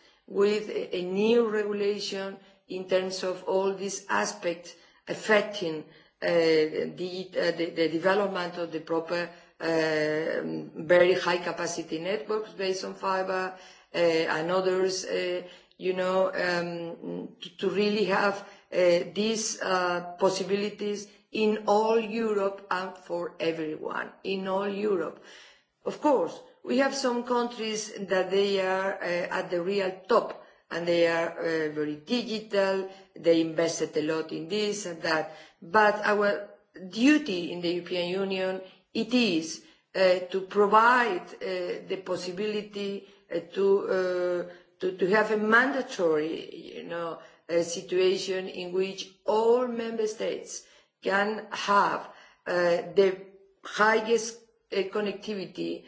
with a new regulation in terms of all these aspects affecting the development of the proper very high capacity networks based on fiber and others, you know, to really have these possibilities in all Europe and for everyone in all Europe. Of course, We have some countries that they are uh, at the real top and they are uh, very digital, they invested a lot in this and that. But our duty in the European Union, it is uh, to provide uh, the possibility uh, to, uh, to, to have a mandatory you know, uh, situation in which all member states can have uh, the highest uh, connectivity uh,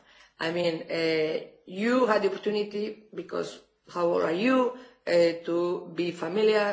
I mean, uh, you had the opportunity, because how old are you, uh, to be familiar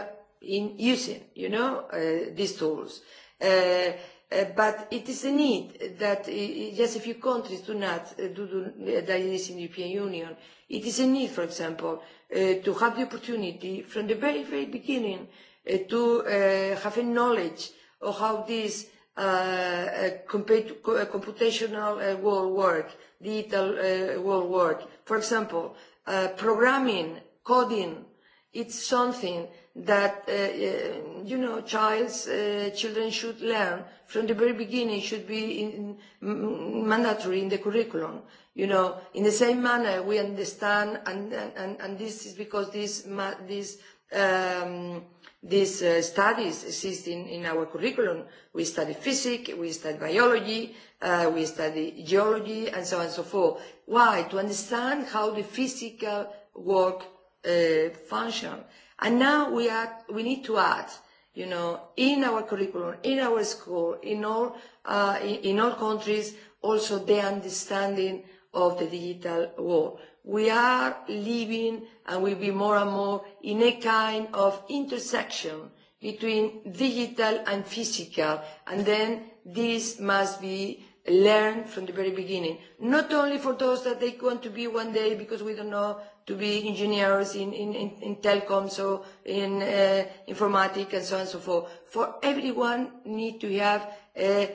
in using, you know, uh, these tools. Uh, uh, but it is a need that uh, just a few countries do not uh, do, do uh, in the European Union. It is a need, for example, uh, to have the opportunity from the very, very beginning uh, to uh, have a knowledge of how this uh, uh, computational uh, world work digital uh, world work. For example, uh, programming, coding, it's something that uh, you know child's uh, children should learn from the very beginning should be in, mandatory in the curriculum you know in the same manner we understand and and, and this is because this this um, these uh, studies exist in, in our curriculum. We study physics, we study biology, uh, we study geology, and so on and so forth. Why? To understand how the physical work uh, function. And now we, are, we need to add, you know, in our curriculum, in our school, in all, uh, in, in all countries, also the understanding of the digital world. We are living and will be more and more in a kind of intersection between digital and physical, and then this must be learned from the very beginning, not only for those that they want to be one day because we don't know to be engineers in, in, in, in telecoms or in uh, informatics and so on and so forth. For everyone need to have a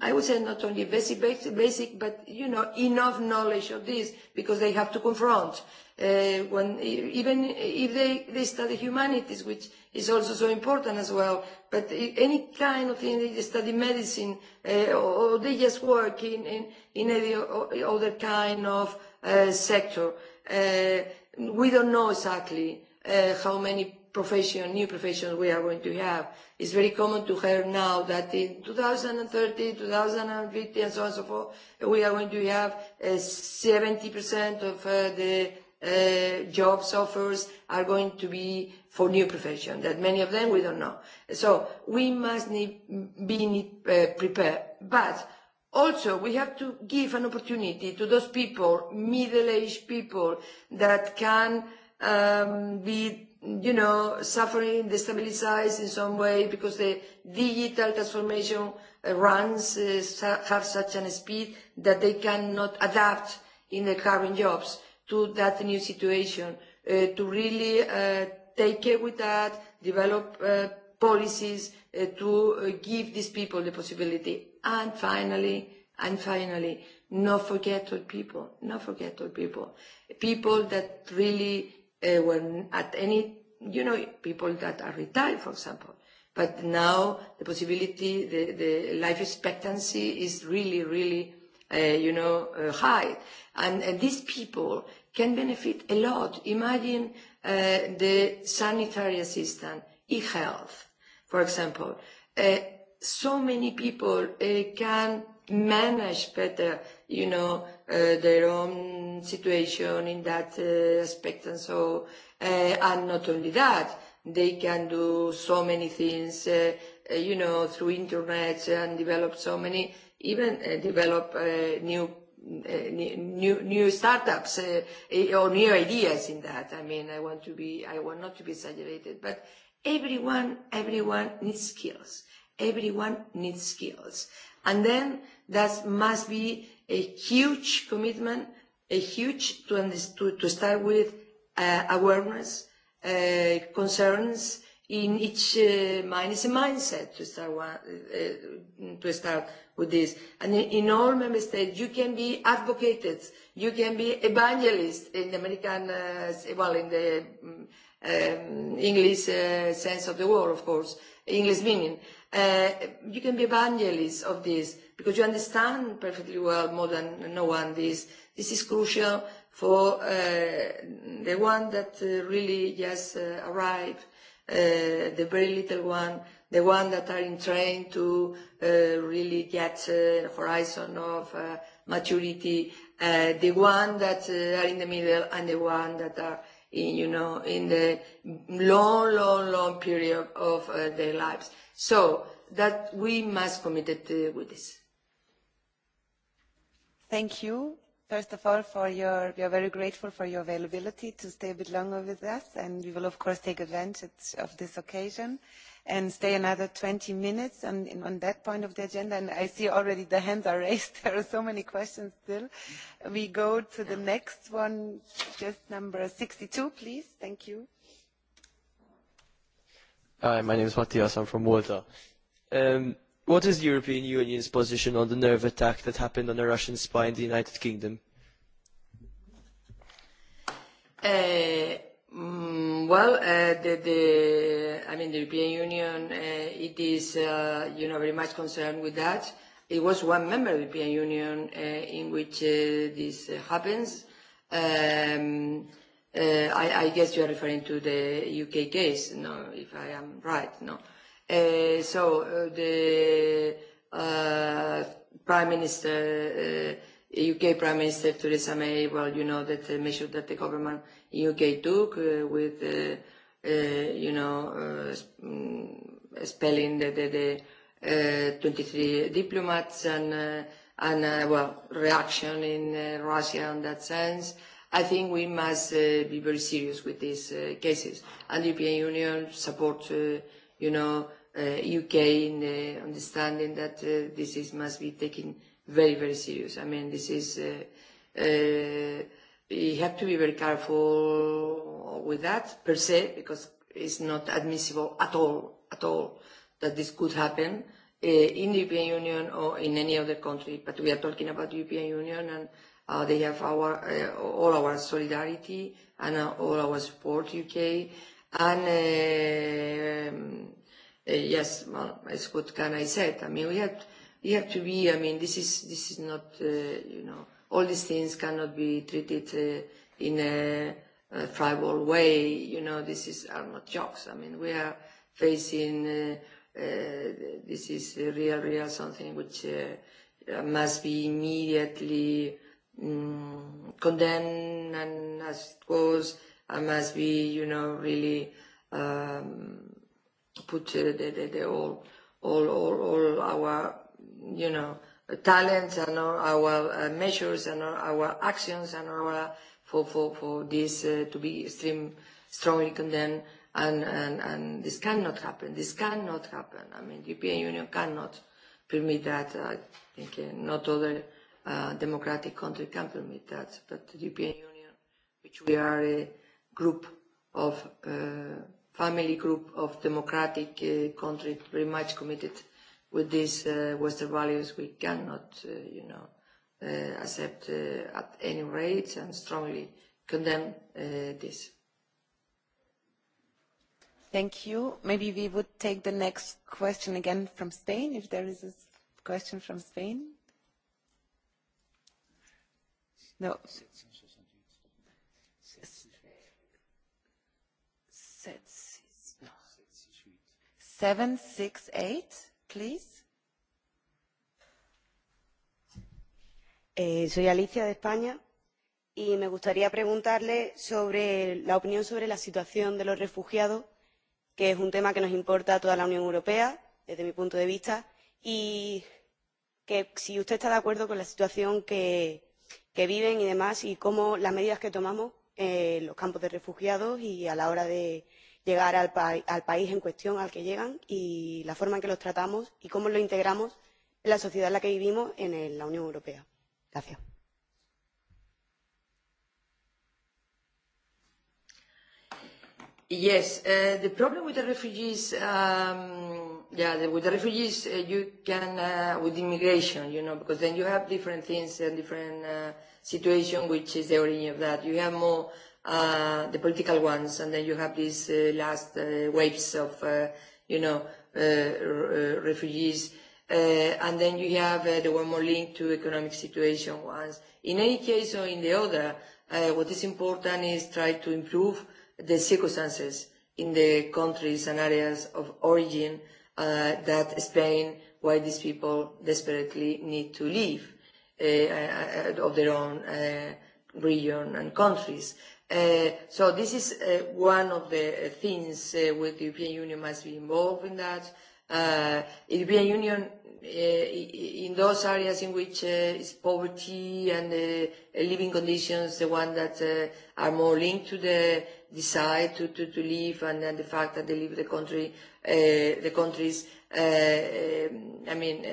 I would say not only basic, basic, basic, but you know enough knowledge of this because they have to confront. Uh, when even if they, they study humanities, which is also so important as well, but any kind of thing they study medicine uh, or, or they just work in in, in any other kind of uh, sector. Uh, we don't know exactly uh, how many profession, new profession we are going to have. It's very common to hear now that in 2030, 2050, and so on and so forth, we are going to have uh, 70% of uh, the uh, jobs offers are going to be for new profession, that many of them we don't know. So we must need, be need, uh, prepared. But Also, we have to give an opportunity to those people, middle-aged people, that can um, be you know, suffering, destabilized in some way because the digital transformation runs uh, have such a speed that they cannot adapt in the current jobs to that new situation. Uh, to really uh, take care with that, develop uh, policies uh, to uh, give these people the possibility. And finally, and finally, not forget all people, not forget all people. People that really uh, when at any, you know, people that are retired, for example. But now the possibility, the, the life expectancy is really, really, uh, you know, uh, high. And, uh, these people can benefit a lot. Imagine uh, the sanitary assistant, e-health, for example. Uh, so many people uh, can manage better you know, uh, their own situation in that uh, aspect and so, uh, and not only that, they can do so many things, uh, uh, you know, through internet and develop so many, even uh, develop uh, new uh new new startups uh, or new ideas in that. I mean, I want to be, I want not to be exaggerated, but everyone, everyone needs skills. Everyone needs skills, and then that must be a huge commitment, a huge to, to, to start with uh, awareness, uh, concerns in each uh, mind is a mindset to start one, uh, to start with this. And in, in all member states, you can be advocated, you can be evangelist in the American, uh, well, in the um, English uh, sense of the word, of course, English meaning. Uh, you can be evangelist of this because you understand perfectly well, more than no one, this. This is crucial for uh, the one that uh, really just uh, arrived, uh, the very little one, the one that are in train to uh, really get uh, horizon of uh, maturity, uh, the one that uh, are in the middle and the one that are in, you know, in the long, long, long period of uh, their lives. So that we must committed uh, with this thank you, first of all, for your, we are very grateful for your availability to stay a bit longer with us, and we will, of course, take advantage of this occasion and stay another 20 minutes on, on that point of the agenda. And I see already the hands are raised. There are so many questions still. We go to the next one, just number 62, please. Thank you. Hi, my name is Matthias. I'm from Malta. Um, What is the European Union's position on the nerve attack that happened on a Russian spy in the United Kingdom? Uh, mm, well, uh, the, the, I mean, the European Union, uh, it is, uh, you know, very much concerned with that. It was one member of the European Union uh, in which uh, this uh, happens. Um, uh, I, I guess you are referring to the UK case, no, if I am right, no. Uh, so uh, the uh, Prime Minister, uh, UK Prime Minister Theresa May, well, you know that the measure that the government in UK took with, uh, uh, you know, uh, spelling the, the, 23 diplomats and, uh, and uh, well, reaction in uh, Russia in that sense. I think we must uh, be very serious with these uh, cases. And the European Union supports uh, you know, uh, UK in the understanding that uh, this is must be taken very, very serious. I mean, this is, uh, uh, you have to be very careful with that per se, because it's not admissible at all, at all, that this could happen uh, in the European Union or in any other country. But we are talking about the European Union and uh, they have our, uh, all our solidarity and uh, all our support, UK And yes, well, as what can I say? I mean, we have to, we have to be. I mean, this is this is not uh, you know all these things cannot be treated uh, in a, a tribal way. You know, this is are not jokes. I mean, we are facing uh, uh, this is real, real something which uh, must be immediately um, condemned and as it was I must be, you know, really um, put the, the, the all, all, all, all our, you know, talents and all our uh, measures and all our actions and our for for for this uh, to be extreme, strongly condemned. And, and, and this cannot happen. This cannot happen. I mean, the European Union cannot permit that. I think not other uh, democratic country can permit that. But the European Union, which we are uh group of uh, family group of democratic uh, countries very much committed with these uh, Western values we cannot, uh, you know, uh, accept uh, at any rate and strongly condemn uh, this. Thank you. Maybe we would take the next question again from Spain, if there is a question from Spain. No. 768, please. Eh, soy Alicia de España y me gustaría preguntarle sobre la opinión sobre la situación de los refugiados, que es un tema que nos importa a toda la Unión Europea, desde mi punto de vista, y que si usted está de acuerdo con la situación que, que viven y demás, y cómo las medidas que tomamos en los campos de refugiados y a la hora de llegar al, pa al país en cuestión al que llegan y la forma en que los tratamos y cómo lo integramos en la sociedad en la que vivimos en la Unión Europea. Gracias. Yes, uh, the problem with the refugees, um, yeah, the, with the refugees, uh, you can uh, with immigration, you know, because then you have different things and different uh, situation, which is the origin of that. You have more uh, the political ones, and then you have these uh, last uh, waves of, uh, you know, uh, uh, refugees, uh, and then you have uh, the one more linked to economic situation ones. In any case or in the other, uh, what is important is try to improve the circumstances in the countries and areas of origin uh, that explain why these people desperately need to leave uh, of their own uh, region and countries so this is uh, one of the things uh, where the European Union must be involved in that. Uh, European Union uh, in those areas in which uh, is poverty and uh, living conditions, the one that uh, are more linked to the decide to, to, to leave and, and the fact that they leave the country, uh, the countries I mean,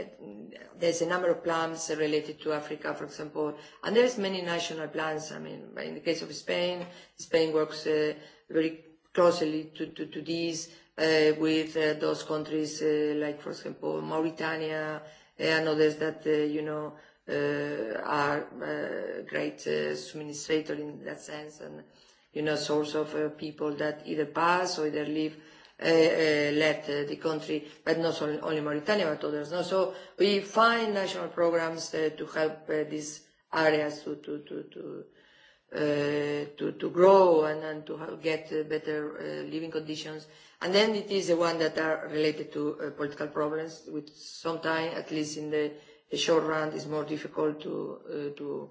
there's a number of plans related to Africa, for example, and there's many national plans. I mean, in the case of Spain, Spain works uh, very closely to, to, to these uh, with uh, those countries uh, like, for example, Mauritania and others that, uh, you know, uh, are uh, great uh, administrator in that sense and, you know, source of uh, people that either pass or either leave uh, uh, led uh, the country, but not only, only Mauritania, but others. No? So we find national programs uh, to help uh, these areas to, to, to, to, uh, to, to grow and, and to have, get uh, better uh, living conditions. And then it is the one that are related to uh, political problems, which sometimes, at least in the, the short run, is more difficult to, uh, to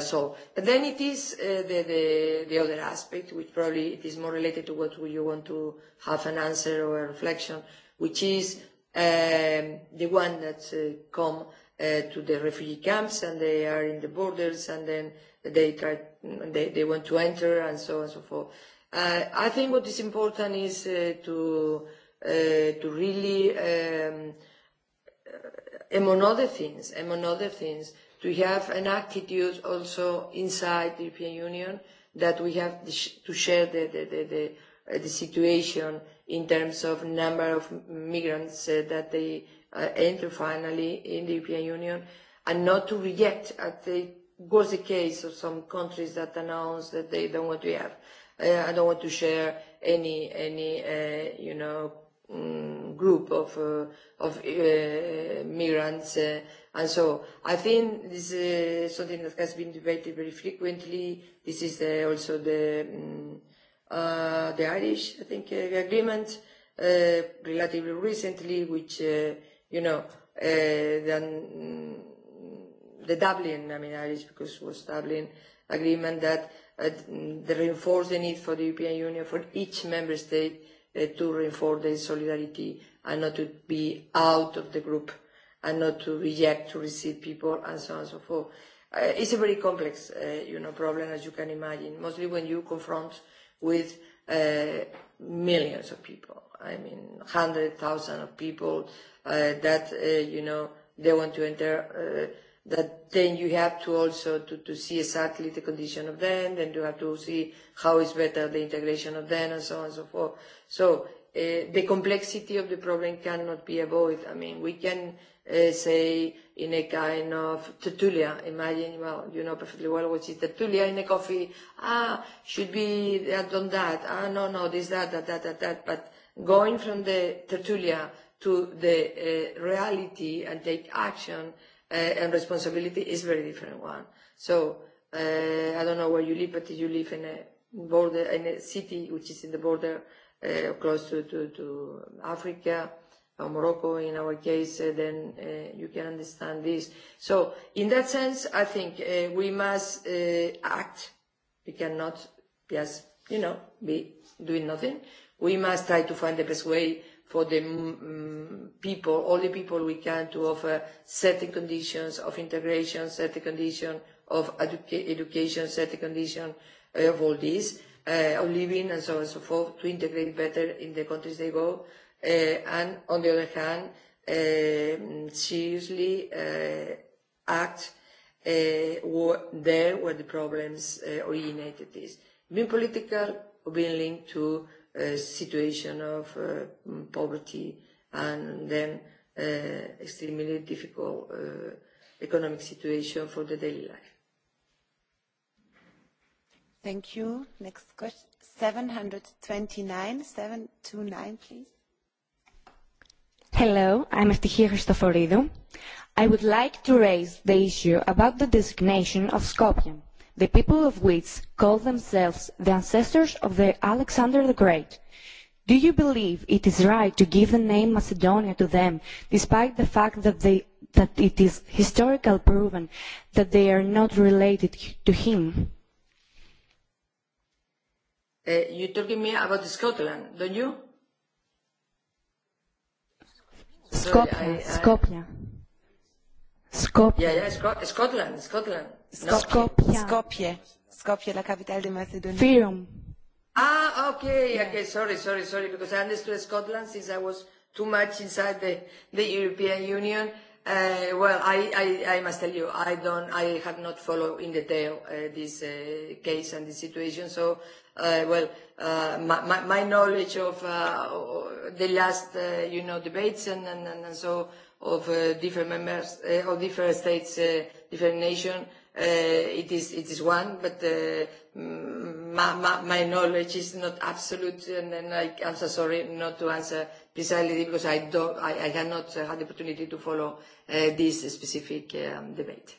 so but then it is uh, the, the, the other aspect, which probably it is more related to what you want to have an answer or a reflection, which is um, the one that uh, come uh, to the refugee camps and they are in the borders and then they try, they, they want to enter and so on and so forth. Uh, I think what is important is uh, to, uh, to really, um, among other things, among other things, to have an attitude also inside the European Union that we have to share the, the, the, the the situation in terms of number of migrants uh, that they uh, enter finally in the European Union and not to reject, at the was the case of some countries that announced that they don't want to have, uh, I don't want to share any, any uh, you know, um, group of, uh, of uh, migrants. Uh, and so I think this is something that has been debated very frequently. This is the, also the, um, uh, the Irish, I think, uh, agreement uh, relatively recently, which, uh, you know, uh, then the Dublin, I mean, Irish because it was Dublin agreement that uh, the reinforced the need for the European Union, for each member state uh, to reinforce the solidarity and not to be out of the group and not to reject to receive people and so on and so forth. Uh, it's a very complex, uh, you know, problem as you can imagine, mostly when you confront with uh, millions of people. I mean, hundred thousand of people uh, that, uh, you know, they want to enter, uh, that then you have to also to, to see exactly the condition of them, then you have to see how is better the integration of them and so on and so forth. So uh the complexity of the problem cannot be avoided. I mean, we can uh, say in a kind of tertulia, imagine, well, you know perfectly well what is tertulia in a coffee, ah, should be that on that, ah, no, no, this, that, that, that, that, that, but going from the tertulia to the uh, reality and take action uh, and responsibility is a very different one. So uh, I don't know where you live, but you live in a border, in a city which is in the border uh, close to, to, to Africa, or Morocco in our case, uh, then uh, you can understand this. So in that sense, I think uh, we must uh, act. We cannot just, you know, be doing nothing. We must try to find the best way for the um, people, all the people we can to offer certain conditions of integration, certain conditions of educa education, certain conditions of all this uh, of living and so on and so forth to integrate better in the countries they go. Uh, and on the other hand, uh, seriously uh, act uh, there where the problems uh, originated is. Being political, being linked to a situation of uh, poverty and then uh, extremely difficult uh, economic situation for the daily life. Thank you. Next question, 729, 729, please. Hello, I'm Eftichia Christoforidou. I would like to raise the issue about the designation of Skopje, the people of which call themselves the ancestors of the Alexander the Great. Do you believe it is right to give the name Macedonia to them, despite the fact that, they, that it is historically proven that they are not related to him? Uh, you're talking me about Scotland, don't you? Skopje, Skopje. Skopje. Yeah, yeah, Sco- Scotland, Scotland. Skopje. Skopje. Skopje, la capitale de Macedonia. Film. Ah, okay, yeah. okay, sorry, sorry, sorry, because I understood Scotland since I was too much inside the, the European Union Uh, well, I, I, I must tell you, I don't, I have not followed in detail uh, this uh, case and the situation. So, uh, well, uh, my, my, my knowledge of uh, the last, uh, you know, debates and, and, and so of uh, different members uh, of different states, uh, different nations it is it is one, but uh, my, knowledge is not absolute, and, then I, I'm so sorry not to answer precisely because I don't I, I have not had the opportunity to follow uh, this specific um, debate.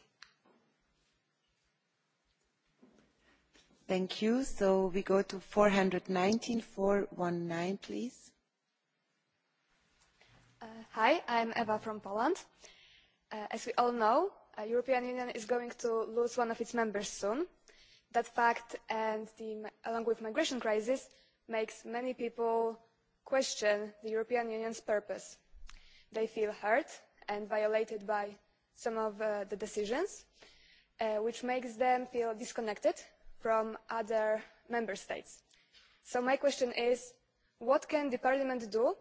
Thank you. So we go to 419, 419, please. Uh, hi, I'm Eva from Poland. Uh, as we all know, the European Union is going to lose one of its members soon. That fact, and the, along with migration crisis, makes many people question the European Union's purpose. They feel hurt and violated by some of uh, the decisions, uh, which makes them feel disconnected from other member states. So my question is, what can the Parliament do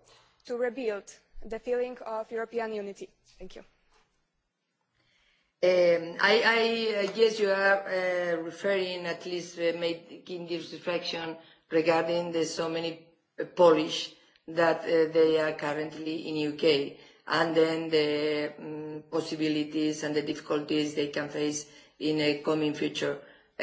to rebuild the feeling of European unity? Thank you. Um, I, I guess you are uh, referring, at least making this reflection regarding the so many Polish that uh, they are currently in UK, and then the um, possibilities and the difficulties they can face in a coming future uh,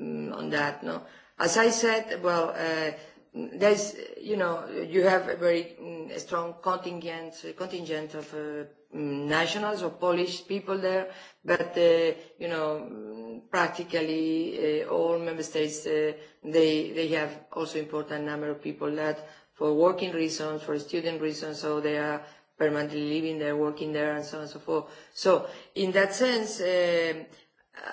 on that. No, as I said, well, uh, there's you know you have a very strong contingent contingent of uh, nationals or Polish people there, but uh, you know practically uh, all member states uh, they they have also important number of people that for working reasons, for student reasons, so they are permanently living there, working there, and so on and so forth. So in that sense, uh,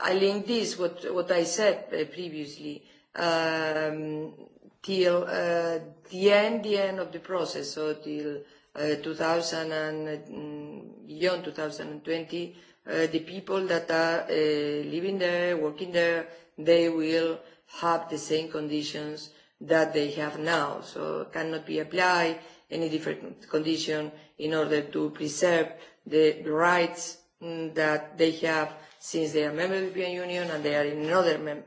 I link this what what I said uh, previously. Um, till uh, the end, the end of the process, so till 2000 and beyond 2020, the people that are living there, working there, they will have the same conditions that they have now. So cannot be applied any different condition in order to preserve the rights that they have since they are member of the European Union and they are another mem-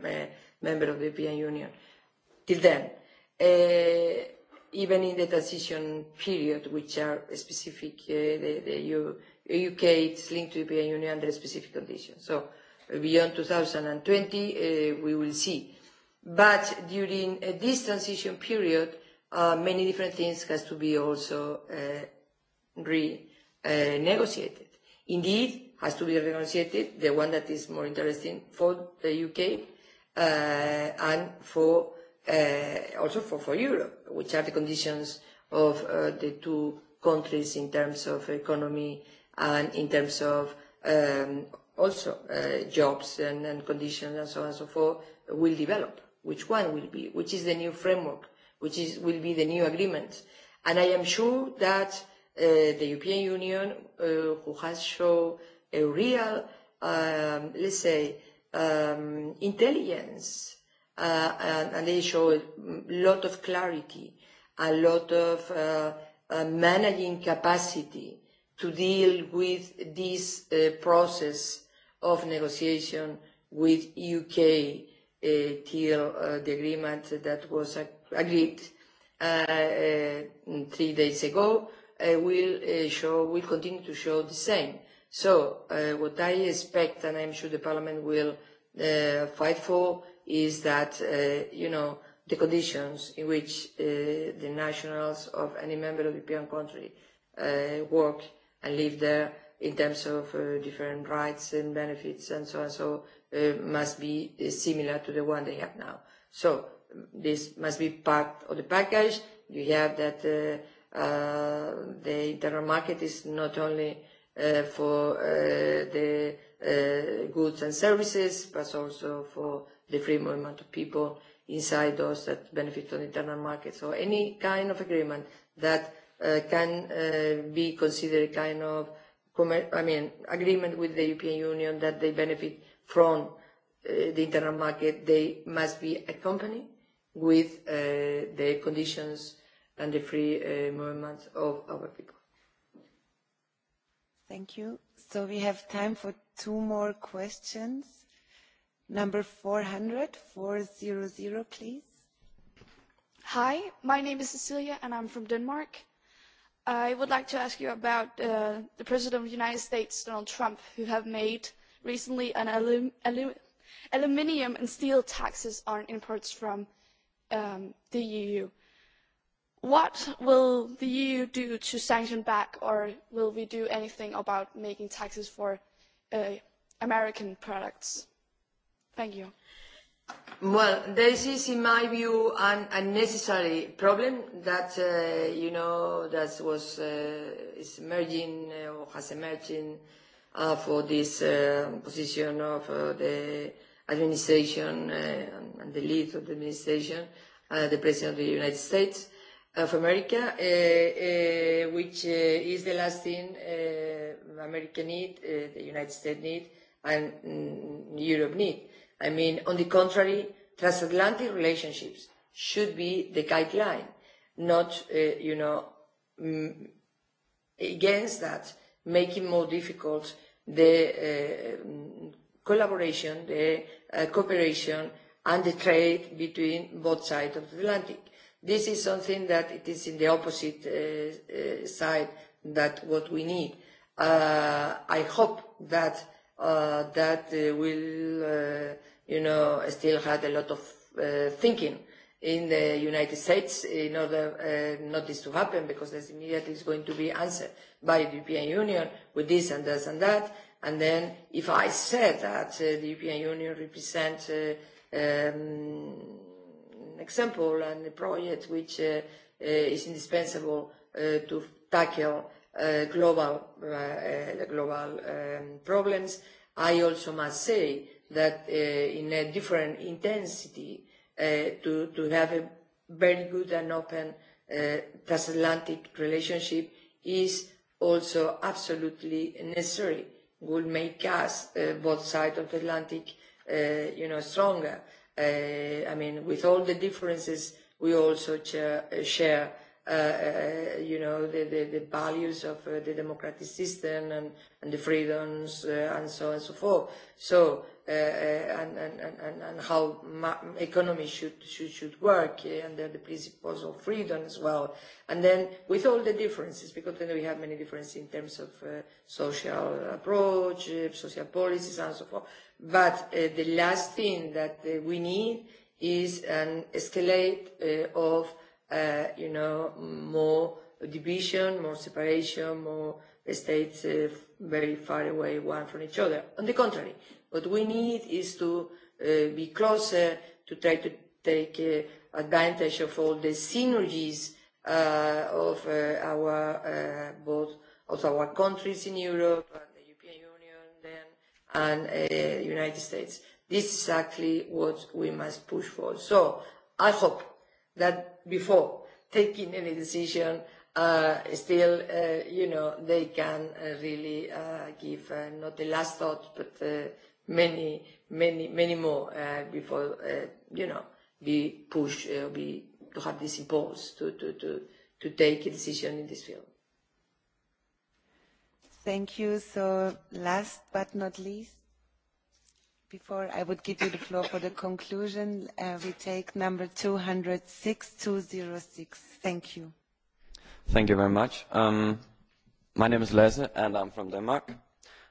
member of the European Union. Till then. Uh, even in the transition period, which are specific, uh, the, the UK it's linked to the European Union under specific conditions. So beyond 2020, uh, we will see. But during uh, this transition period, uh, many different things has to be also uh, renegotiated. Indeed, has to be renegotiated, the one that is more interesting for the UK uh, and for uh, also for, for Europe, which are the conditions of uh, the two countries in terms of economy and in terms of um, also uh, jobs and, and conditions and so on and so forth will develop. Which one will be? Which is the new framework? Which is, will be the new agreement? And I am sure that uh, the European Union, uh, who has shown a real, um, let's say, um, intelligence uh, and, and they show a lot of clarity, a lot of uh, uh, managing capacity to deal with this uh, process of negotiation with UK uh, till uh, the agreement that was agreed uh, uh, three days ago uh, will uh, show will continue to show the same. So uh, what I expect, and I'm sure the Parliament will uh, fight for, is that, uh, you know, the conditions in which uh, the nationals of any member of the European country uh, work and live there in terms of uh, different rights and benefits and so on and so uh, must be uh, similar to the one they have now. So this must be part of the package. You have that uh, uh, the internal market is not only uh, for uh, the uh, goods and services, but also for the free movement of people inside those that benefit from the internal market. So any kind of agreement that uh, can uh, be considered a kind of, I mean, agreement with the European Union that they benefit from uh, the internal market, they must be accompanied with uh, the conditions and the free uh, movement of our people. Thank you. So we have time for two more questions. Number 400, 400, please. Hi, my name is Cecilia and I'm from Denmark. I would like to ask you about uh, the President of the United States, Donald Trump, who have made recently an alum, alum, aluminium and steel taxes on imports from um, the EU. What will the EU do to sanction back, or will we do anything about making taxes for uh, American products? Thank you. Well, this is, in my view, an unnecessary problem that, uh, you know, that was, uh, is emerging or has emerged uh, for this uh, position of uh, the administration uh, and the lead of the administration, uh, the President of the United States of America, uh, uh, which uh, is the last thing uh, America need, uh, the United States need, and Europe need I mean, on the contrary, transatlantic relationships should be the guideline, not, uh, you know, m- against that, making more difficult the uh, collaboration, the uh, cooperation, and the trade between both sides of the Atlantic. This is something that it is in the opposite uh, uh, side that what we need. Uh, I hope that uh, that uh, will, uh, you know, still had a lot of uh, thinking in the United States in order uh, not this to happen because this immediately is going to be answered by the European Union with this and this and that. And then if I said that uh, the European Union represents uh, um, an example and a project which uh, uh, is indispensable uh, to tackle global, global problems, I also must say that in a different intensity to, to have a very good and open transatlantic relationship is also absolutely necessary, will make us, both sides of the Atlantic, you know, stronger. I mean, with all the differences, we also share uh, you know, the, the, the values of uh, the democratic system and, and the freedoms uh, and so on and so forth. So, uh, and, and, and, and how ma- economy should, should, should work uh, under the principles of freedom as well. And then with all the differences, because then we have many differences in terms of uh, social approach, uh, social policies and so forth. But uh, the last thing that uh, we need is an escalate uh, of uh, you know, more division, more separation, more states uh, very far away one from each other. On the contrary, what we need is to uh, be closer, to try to take uh, advantage of all the synergies uh, of uh, our uh, both of our countries in Europe, and the European Union, then, and uh, United States. This is exactly what we must push for. So I hope that before taking any decision, uh, still, uh, you know, they can uh, really uh, give uh, not the last thought, but uh, many, many, many more uh, before, uh, you know, be pushed, uh, be to have this impulse to, to, to, to take a decision in this field. Thank you. So last but not least, Before I would give you the floor for the conclusion, we take number 206206. Thank you. Thank you very much. my name is Lasse, and I'm from Denmark.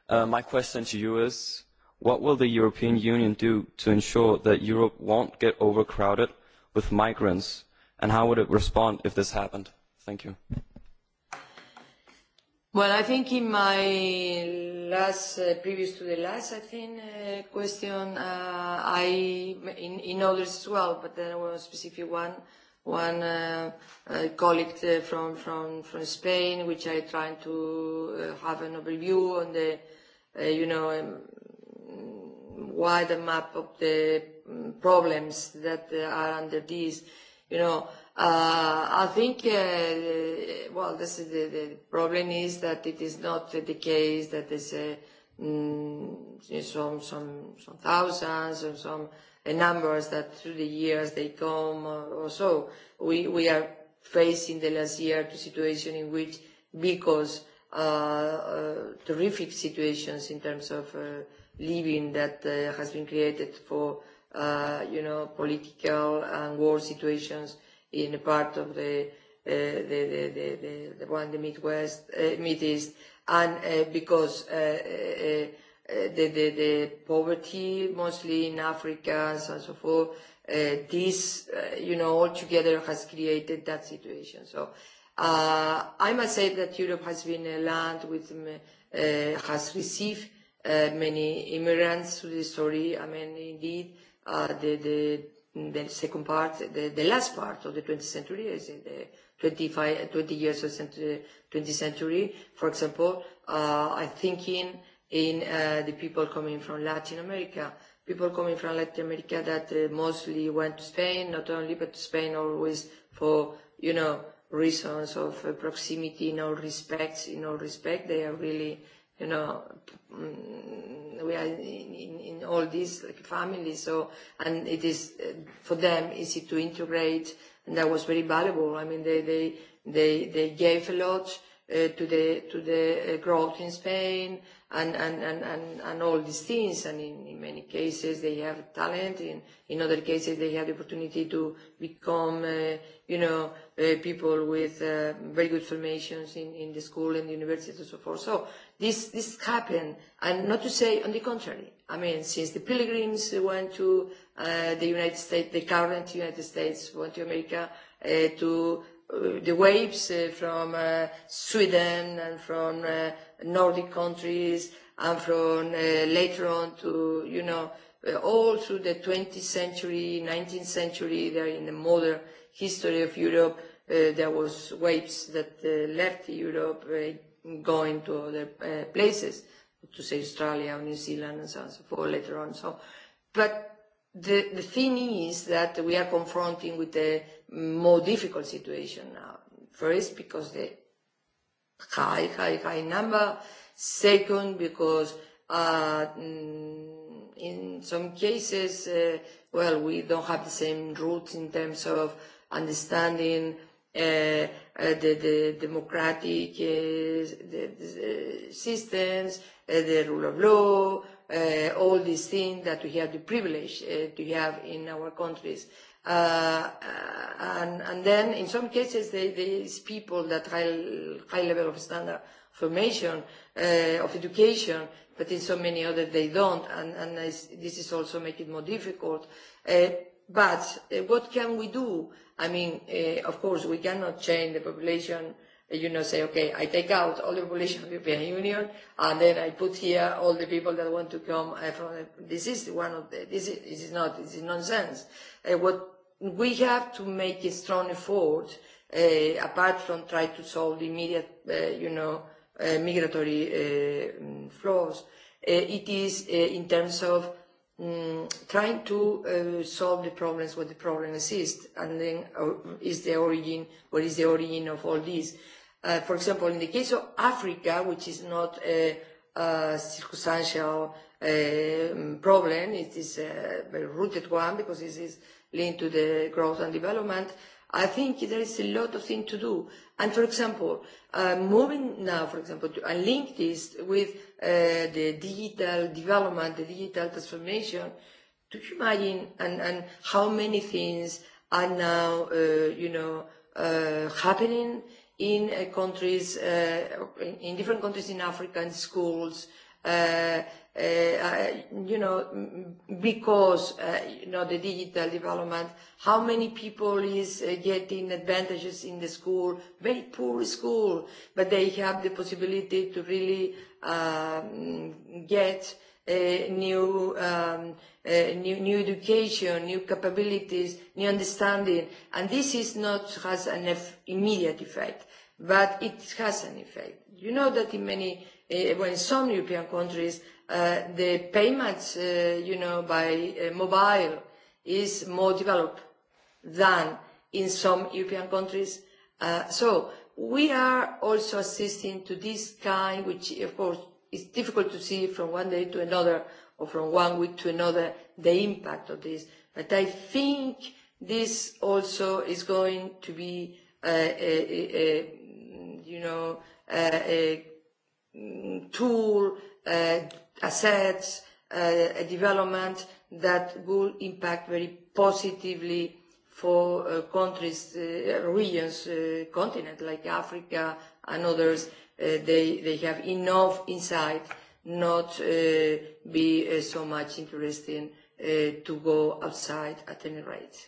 my question to you is, what will the European Union do to ensure that Europe won't get overcrowded with migrants, and how would it respond if this happened? Thank you. Well, I think in my last, uh, previous to the last, I think, uh, question, uh, I, in, in others as well, but there was a specific one, one uh, uh, colleague from, from, from Spain, which I trying to uh, have an overview on the, uh, you know, um, wider map of the problems that uh, are under this, you know, Uh, I think, uh, well, this is the, the problem is that it is not the case that there's a, mm, some, some, some thousands or some uh, numbers that through the years they come or, or so. We, we are facing the last year to situation in which because uh, uh, terrific situations in terms of uh, living that uh, has been created for, uh, you know, political and war situations in a part of the uh, the, the, the, the, the one the Midwest, uh, Mid East, and uh, because uh, uh, the, the, the poverty, mostly in Africa and so forth, uh, this, uh, you know, all together has created that situation. So uh, I must say that Europe has been a land with, uh, has received uh, many immigrants to the story. I mean, indeed, uh, the, the the second part, the, the last part of the 20th century, is in the 25, 20 years of century, 20th century, for example, uh, I think in, in uh, the people coming from Latin America, people coming from Latin America that uh, mostly went to Spain, not only, but to Spain always for, you know, reasons of uh, proximity in all respects, in all respect, they are really, you know, mm, we are in, in, in all these like families, so, and it is, uh, for them, easy to integrate, and that was very valuable. I mean, they, they, they, they gave a lot, to the to the growth in Spain and and and and and all these things. and In in many cases, they have talent. In in other cases, they have the opportunity to become, uh you know, uh people with very good formations in in the school and universities university and so forth. So This this happened, and not to say on the contrary. I mean, since the Pilgrims went to uh the United States, the current United States went to America, uh to the waves uh, from uh, Sweden and from uh, Nordic countries and from uh, later on to, you know, uh, all through the 20th century, 19th century, there in the modern history of Europe, uh, there was waves that uh, left Europe uh, going to other uh, places, to say Australia, New Zealand, and so on and so forth later on. So, but The, the thing is that we are confronting with a more difficult situation now. First, because the high, high, high number. Second, because uh, in some cases, uh, well, we don't have the same roots in terms of understanding uh, uh, the, the democratic uh, the, the systems, uh, the rule of law, uh, all these things that we have the privilege uh, to have in our countries. Uh, and, and then in some cases there is people that high, high level of standard formation, uh, of education, but in so many others they don't, and, and this is also making it more difficult. Uh, but uh, what can we do? I mean, uh, of course, we cannot change the population you know, say, okay, I take out all the population of the European Union, and then I put here all the people that want to come from. The, this is one of the. This is, this is not. This is nonsense. Uh, what we have to make a strong effort, uh, apart from try to solve the immediate, uh, you know, uh, migratory uh, flows. Uh, it is uh, in terms of um, trying to uh, solve the problems where the problem exists and then uh, is the origin what is the origin of all this uh, for example in the case of africa which is not a, a circumstantial uh, problem it is a very rooted one because it is linked to the growth and development I think there is a lot of things to do. And for example, uh, moving now, for example, to, I link this with uh, the digital development, the digital transformation. Do you imagine and, and how many things are now, uh, you know, uh, happening in uh, countries, uh, in, in different countries in Africa, in schools, uh, uh, uh, you know, because, uh, you know, the digital development, how many people is uh, getting advantages in the school, very poor school, but they have the possibility to really um, get uh, new, um, uh, new, new education, new capabilities, new understanding. And this is not, has an eff immediate effect, but it has an effect. You know that in many when some European countries, uh, the payments, uh, you know, by uh, mobile is more developed than in some European countries. Uh, so we are also assisting to this kind, which of course is difficult to see from one day to another or from one week to another, the impact of this. But I think this also is going to be, uh, a, a, a, you know, a, a tool, uh, assets, uh, a development that will impact very positively for uh, countries, uh, regions, uh, continent like Africa and others. Uh, they, they have enough insight not uh, be uh, so much interesting uh, to go outside at any rate.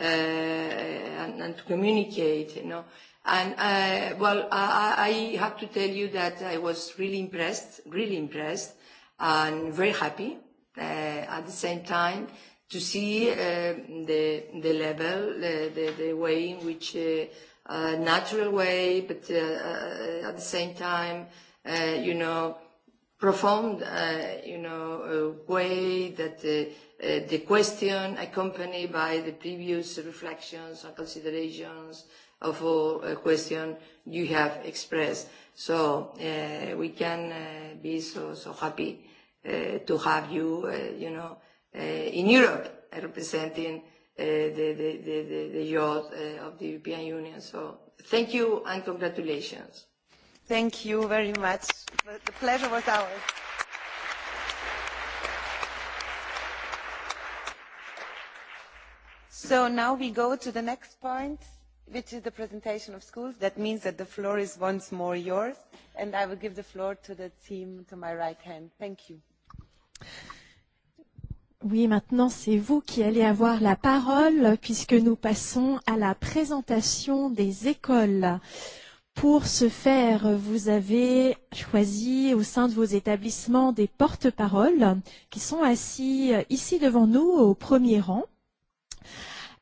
uh, and, and to communicate, you know. And uh, well, I, I have to tell you that I was really impressed, really impressed, and very happy uh, at the same time to see uh, the the level, the the the way in which uh, uh, natural way, but uh, uh, at the same time, uh, you know, profound, uh, you know, uh, way that. Uh, the question accompanied by the previous reflections and considerations of all uh, question you have expressed. So uh, we can uh, be so, so happy uh, to have you, uh, you know, uh, in Europe representing uh, the, the, the, the, the youth uh, of the European Union. So thank you and congratulations. Thank you very much. The pleasure was ours. So now we go to the next point, which is the presentation of schools. That means that the floor is once more yours, and I will give the floor to the team to my right hand. Thank you. Oui, maintenant c'est vous qui allez avoir la parole puisque nous passons à la présentation des écoles. Pour ce faire, vous avez choisi au sein de vos établissements des porte-paroles qui sont assis ici devant nous au premier rang.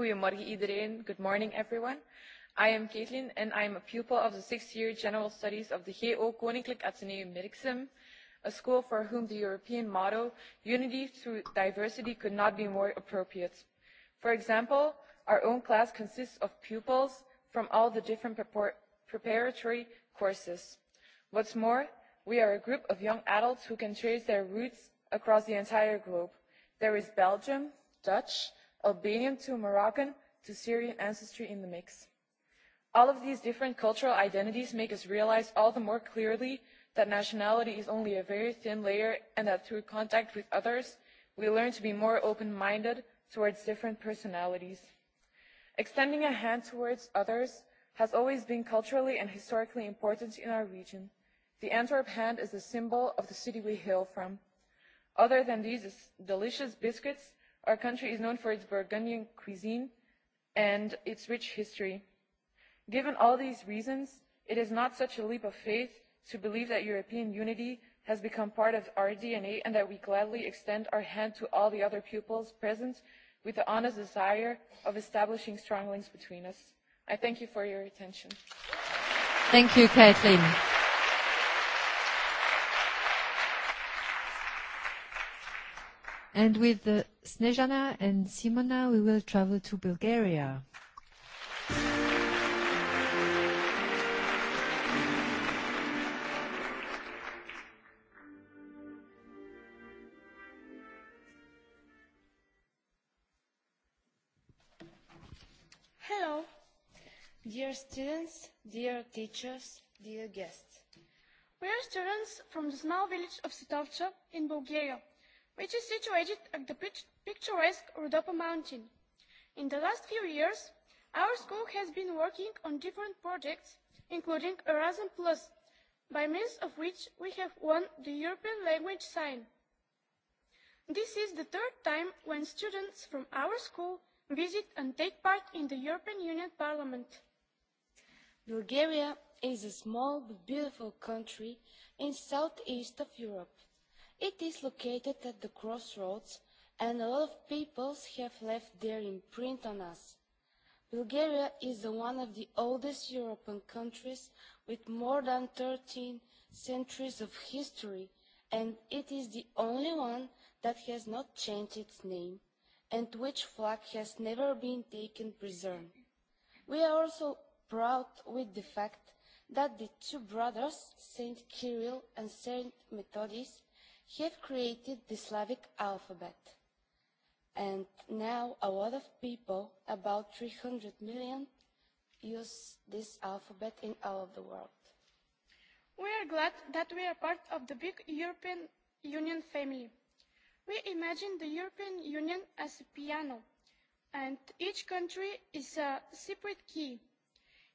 Goedemorgen iedereen. Good morning everyone. I am Caitlin and I am a pupil of the sixth year General Studies of the GO Koninklijk Atheneum Merksem, a school for whom the European motto, unity through diversity, could not be more appropriate. For example, our own class consists of pupils from all the different preparatory courses. What's more, we are a group of young adults who can trace their roots across the entire globe. There is Belgium, Dutch, Albanian to Moroccan to Syrian ancestry in the mix. All of these different cultural identities make us realize all the more clearly that nationality is only a very thin layer and that through contact with others, we learn to be more open-minded towards different personalities. Extending a hand towards others has always been culturally and historically important in our region. The Antwerp hand is a symbol of the city we hail from. Other than these delicious biscuits, Our country is known for its Burgundian cuisine and its rich history. Given all these reasons, it is not such a leap of faith to believe that European unity has become part of our DNA and that we gladly extend our hand to all the other pupils present with the honest desire of establishing strong links between us. I thank you for your attention. Thank you, kathleen. And with uh, Snejana and Simona, we will travel to Bulgaria. Hello, dear students, dear teachers, dear guests. We are students from the small village of Sitovcha in Bulgaria which is situated at the picturesque Rodopa Mountain. In the last few years, our school has been working on different projects, including Erasmus Plus, by means of which we have won the European language sign. This is the third time when students from our school visit and take part in the European Union Parliament. Bulgaria is a small but beautiful country in southeast of Europe It is located at the crossroads, and a lot of peoples have left their imprint on us. Bulgaria is one of the oldest European countries with more than 13 centuries of history, and it is the only one that has not changed its name and which flag has never been taken preserved. We are also proud with the fact that the two brothers, Saint Kirill and Saint Methodius, have created the Slavic alphabet. And now a lot of people, about 300 million, use this alphabet in all of the world. We are glad that we are part of the big European Union family. We imagine the European Union as a piano, and each country is a separate key.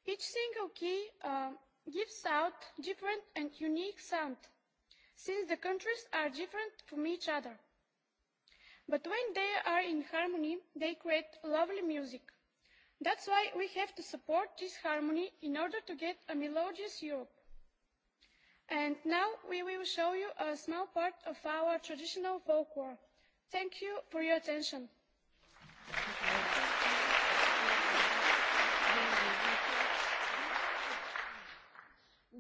Each single key uh, gives out different and unique sound – since the countries are different from each other. But when they are in harmony, they create lovely music. That's why we have to support this harmony in order to get a melodious Europe. And now we will show you a small part of our traditional folklore. Thank you for your attention. Thank you.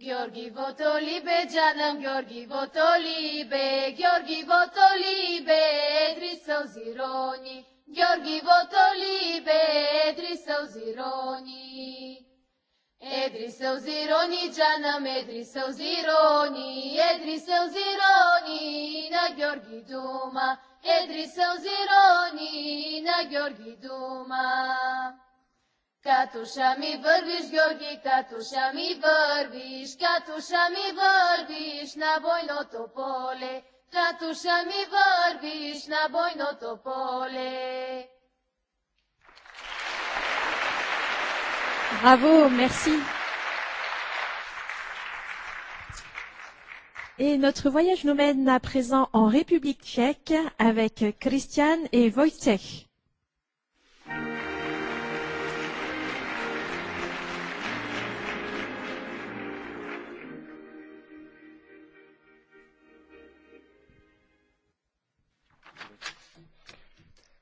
Георги Ботолибе, джанам Георги Ботолибе, Георги Ботолибе, едри сълзи рони. Георги Ботолибе, едри сълзи рони. Едри сълзи рони, джанам, едри сълзи рони, едри сълзи рони, на Георги дума. Едри сълзи рони, на Георги дума. Като ша ми вървиш, Георги, като ша ми вървиш, като ша ми вървиш на бойното поле, като ша ми вървиш на бойното поле. Браво, мерси. Et notre voyage nous mène à présent en République tchèque avec Christian et Wojciech.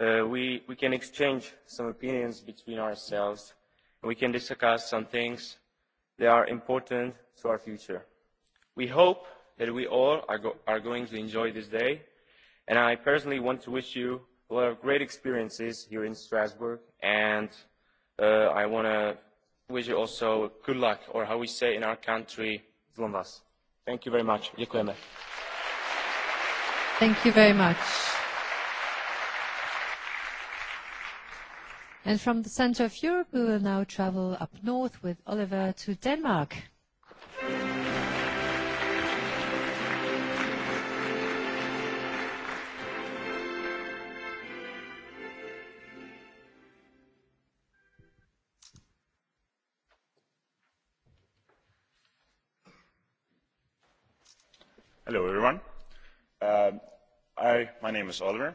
uh, we, we can exchange some opinions between ourselves. And we can discuss some things that are important to our future. We hope that we all are, go are going to enjoy this day, and I personally want to wish you a lot of great experiences here in Strasbourg, and uh, I want to wish you also good luck, or how we say in our country, Zlom Thank you very much. Thank you very much. And from the center of Europe, we will now travel up north with Oliver to Denmark. Hello, everyone. I, my name is Oliver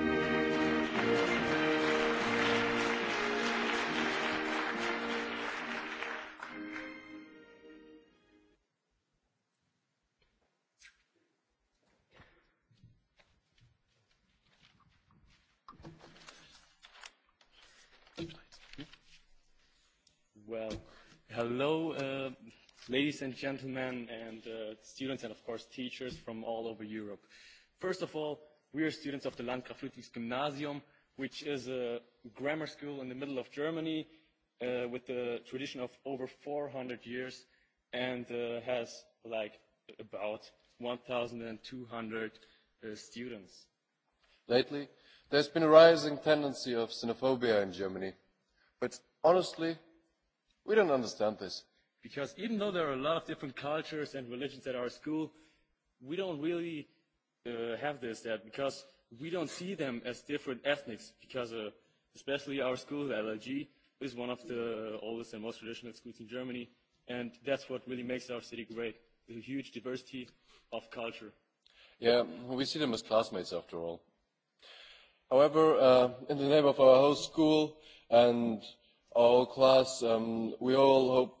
ladies and gentlemen and uh, students and of course teachers from all over Europe. First of all, we are students of the Landgraf Ludwigs Gymnasium, which is a grammar school in the middle of Germany uh, with a tradition of over 400 years and uh, has like about 1,200 uh, students. Lately, there's been a rising tendency of xenophobia in Germany, but honestly, we don't understand this. Because even though there are a lot of different cultures and religions at our school, we don't really uh, have this, that because we don't see them as different ethnics, because uh, especially our school, the LLG, is one of the oldest and most traditional schools in Germany, and that's what really makes our city great, the huge diversity of culture. Yeah, we see them as classmates after all. However, uh, in the name of our whole school and our whole class, um, we all hope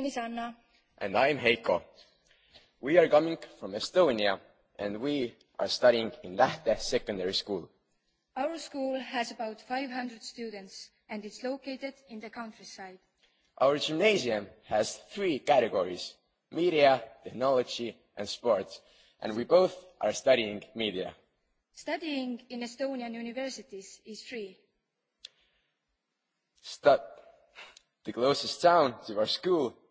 name is Anna. And I'm Heiko. We are coming from Estonia and we are studying in Lahte Secondary School. Our school has about 500 students and it's located in the countryside. Our gymnasium has three categories, media, technology and sports, and we both are studying media. Studying in Estonian universities is free. St- the closest town to our school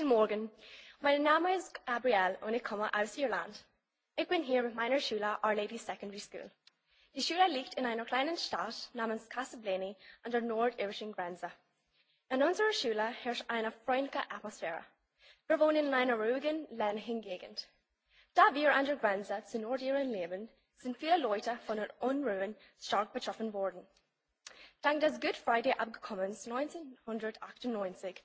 Guten morgen. Mein Name ist Gabrielle und ich komme aus Irland. Ich bin hier mit meiner Schule, Our Lady Secondary School. Die Schule liegt in einer kleinen Stadt namens Casablanca an der nordirischen Grenze. In unserer Schule herrscht eine freundliche Atmosphäre. Wir wohnen in einer ruhigen, ländlichen Gegend. Da wir an der Grenze zu Nordirland leben, sind viele Leute von den Unruhen stark betroffen worden. Dank des Good Friday Abkommens 1998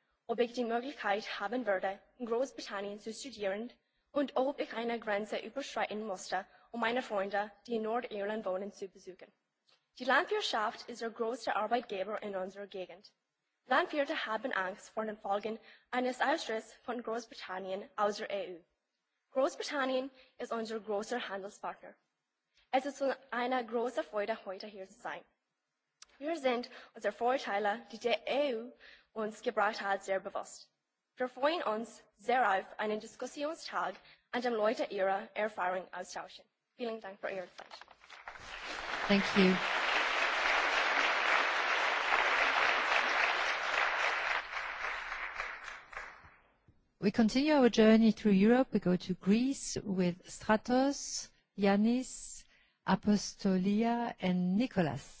ob ich die Möglichkeit haben würde, in Großbritannien zu studieren und ob ich eine Grenze überschreiten musste, um meine Freunde, die in Nordirland wohnen, zu besuchen. Die Landwirtschaft ist der größte Arbeitgeber in unserer Gegend. Landwirte haben Angst vor den Folgen eines Austritts von Großbritannien aus der EU. Großbritannien ist unser großer Handelspartner. Es ist eine große Freude, heute hier zu sein. Wir sind unsere Vorteile, die der EU uns gebracht hat, sehr bewusst. Wir freuen uns sehr auf einen Diskussionstag, an dem Leute ihre Erfahrungen austauschen. Vielen Dank für Ihre Zeit. Thank you. We continue our journey through Europe. We go to Greece with Stratos, Yanis, Apostolia, and Nicholas.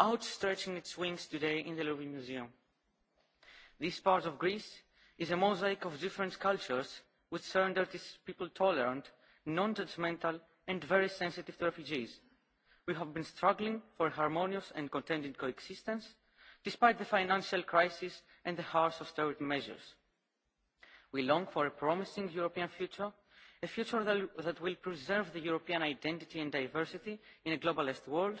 outstretching its wings today in the Louvre Museum. This part of Greece is a mosaic of different cultures which surrendered its people tolerant, non-judgmental and very sensitive to refugees. We have been struggling for a harmonious and contented coexistence despite the financial crisis and the harsh austerity measures. We long for a promising European future, a future that, that will preserve the European identity and diversity in a globalist world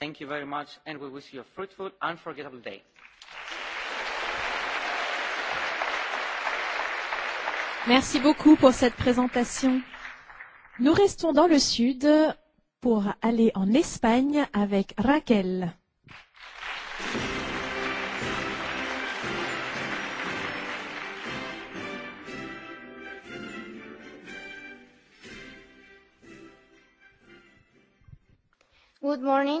Thank you very much, and we wish you a fruitful, unforgettable day. Merci beaucoup pour cette présentation. Nous restons dans le sud pour aller en Espagne avec Raquel. Good morning.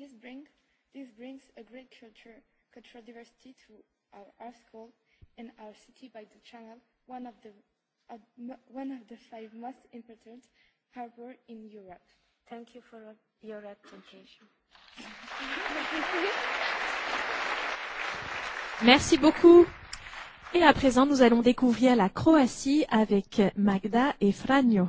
This, bring, this brings a great culture, cultural diversity to our, our school and our city by the channel, one of the, uh, one of the five most important harbour in Europe. Thank you for your attention. Merci beaucoup. Et à présent, nous allons découvrir la Croatie avec Magda et Franjo.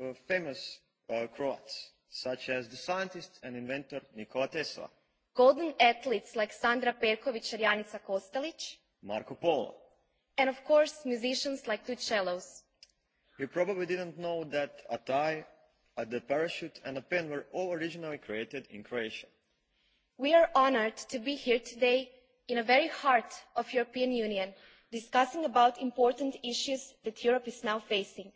uh, famous uh, Croats, such as the scientist and inventor Nikola Tesla. Golden athletes like Sandra Perković and Janica Kostelić, Marco Polo. And of course, musicians like two cellos. You probably didn't know that a tie, a the parachute and a pen were all originally created in Croatia. We are honored to be here today in the very heart of European Union, discussing about important issues that Europe is now facing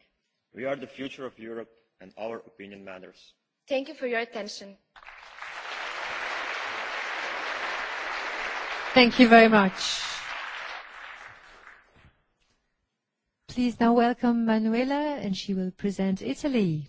we are the future of europe and our opinion matters. thank you for your attention. thank you very much. please now welcome manuela and she will present italy.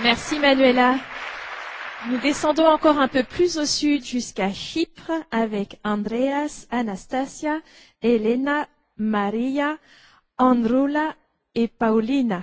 Merci Manuela. Nous descendons encore un peu plus au sud jusqu'à Chypre avec Andreas, Anastasia, Elena, Maria, Androula et Paulina.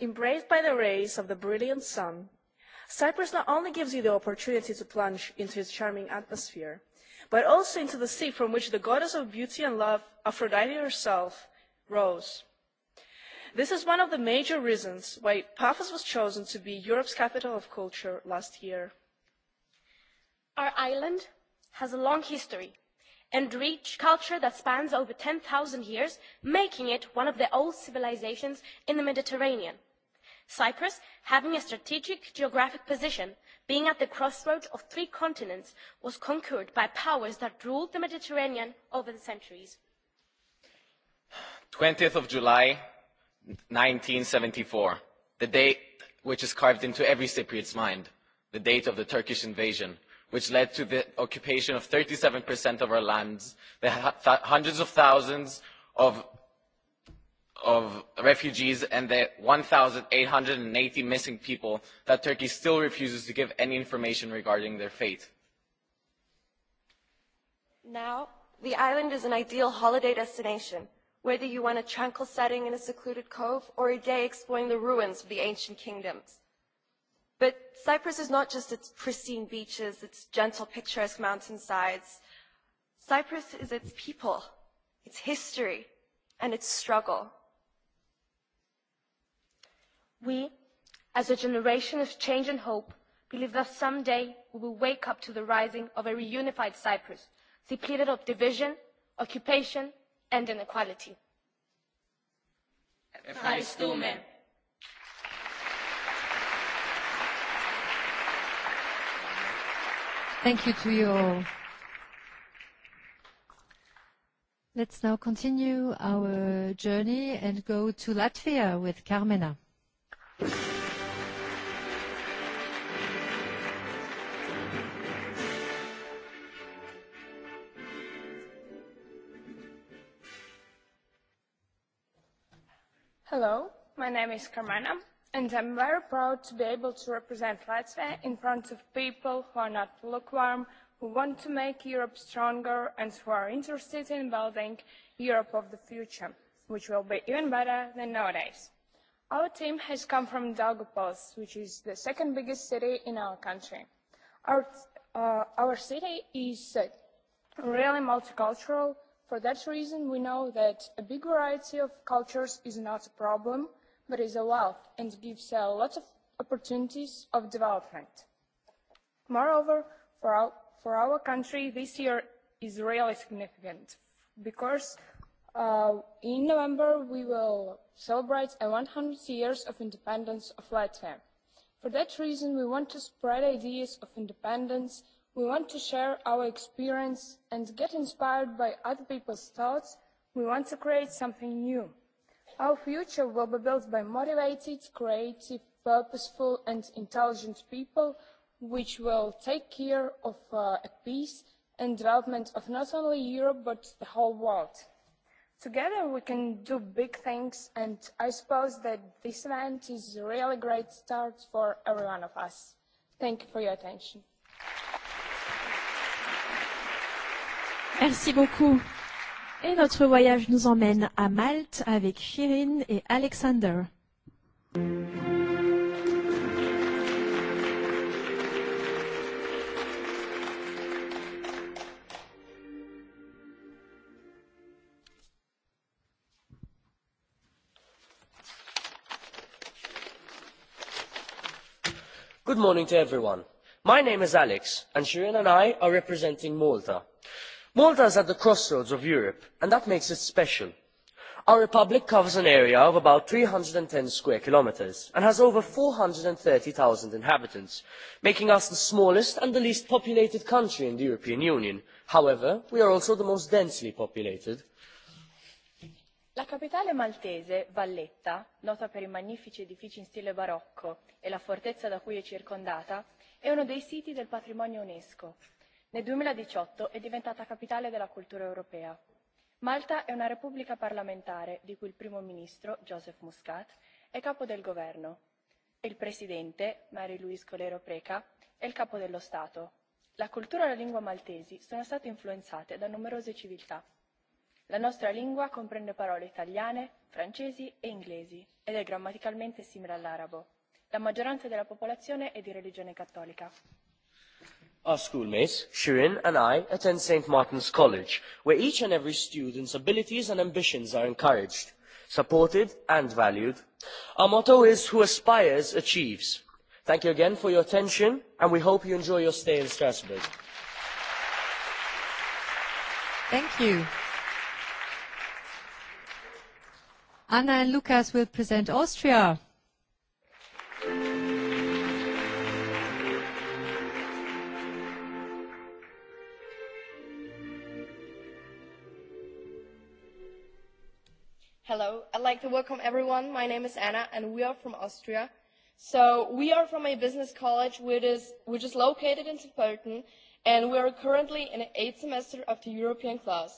Embraced by the rays of the brilliant sun, Cyprus not only gives you the opportunity to plunge into its charming atmosphere, but also into the sea from which the goddess of beauty and love, Aphrodite herself, rose. This is one of the major reasons why Paphos was chosen to be Europe's capital of culture last year. Our island has a long history and rich culture that spans over 10,000 years, making it one of the old civilizations in the Mediterranean. Cyprus, having a strategic geographic position, being at the crossroads of three continents, was conquered by powers that ruled the Mediterranean over the centuries. 20th of July, 1974, the date which is carved into every Cypriot's mind, the date of the Turkish invasion, which led to the occupation of 37% of our lands, the hundreds of thousands of of refugees and the 1,880 missing people that Turkey still refuses to give any information regarding their fate. Now, the island is an ideal holiday destination, whether you want a tranquil setting in a secluded cove or a day exploring the ruins of the ancient kingdoms. But Cyprus is not just its pristine beaches, its gentle picturesque mountainsides. Cyprus is its people, its history, and its struggle. We, as a generation of change and hope, believe that someday we will wake up to the rising of a reunified Cyprus, depleted of division, occupation and inequality. Ευχαριστούμε. Thank you to you all. Let's now continue our journey and go to Latvia with Carmena. Hello, my name is Carmena, and I'm very proud to be able to represent Latvia in front of people who are not lukewarm, who want to make Europe stronger, and who are interested in building Europe of the future, which will be even better than nowadays. Our team has come from Daugavpils, which is the second biggest city in our country. Our, uh, our city is uh, really multicultural. For that reason, we know that a big variety of cultures is not a problem, but is a wealth and gives a lot of opportunities of development. Moreover, for our, for our country, this year is really significant because Uh, in November, we will celebrate the 100 years of independence of Latvia. For that reason, we want to spread ideas of independence, we want to share our experience and get inspired by other people's thoughts, we want to create something new. Our future will be built by motivated, creative, purposeful and intelligent people which will take care of uh, a peace and development of not only Europe but the whole world. Together we can do big things and I suppose that this event is a really great start for every one of us. Thank you for your attention. Merci beaucoup. Et notre voyage nous emmène à Malte avec Shirin et Alexander. Thank you. Good morning to everyone. My name is Alex, and Shirin and I are representing Malta. Malta is at the crossroads of Europe, and that makes it special. Our republic covers an area of about 310 square kilometres and has over 430,000 inhabitants, making us the smallest and the least populated country in the European Union. However, we are also the most densely populated, la capitale maltese valletta nota per i magnifici edifici in stile barocco e la fortezza da cui è circondata è uno dei siti del patrimonio unesco nel duemiladiciotto è diventata capitale della cultura europea. malta è una repubblica parlamentare di cui il primo ministro joseph muscat è capo del governo e il presidente mary louise colero preca è il capo dello stato. la cultura e la lingua maltesi sono state influenzate da numerose civiltà la nostra lingua comprende parole italiane francesi e inglesi ed è grammaticalmente simile all'arabo. la maggioranza della popolazione è di religione cattolica. Our schoolmates, Shirin and I, attend St. Martin's College, where each and every student's abilities and ambitions are encouraged, supported and valued. Our motto is, who aspires, achieves. Thank you again for your attention, and we hope you enjoy your stay in Strasbourg. Thank you. Anna and Lukas will present Austria. Hello, I'd like to welcome everyone. My name is Anna and we are from Austria. So we are from a business college which is, which is located in Tilburgen and we are currently in the eighth semester of the European class.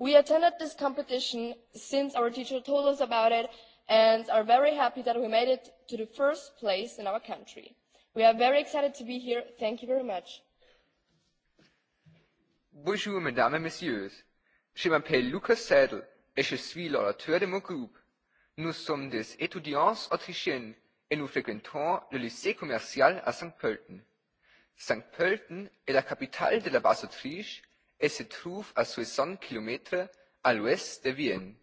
We attended this competition since our teacher told us about it and are very happy that we made it to the first place in our country. We are very excited to be here. Thank you very much. Bonjour, mesdames et messieurs. Je m'appelle Lucas Sadel et je suis l'orateur de mon groupe. Nous sommes des étudiants autrichiens et nous fréquentons le lycée commercial à Saint-Pölten. Saint-Pölten est la capitale de la Basse-Autriche et se trouve à 60 km à l'ouest de Vienne.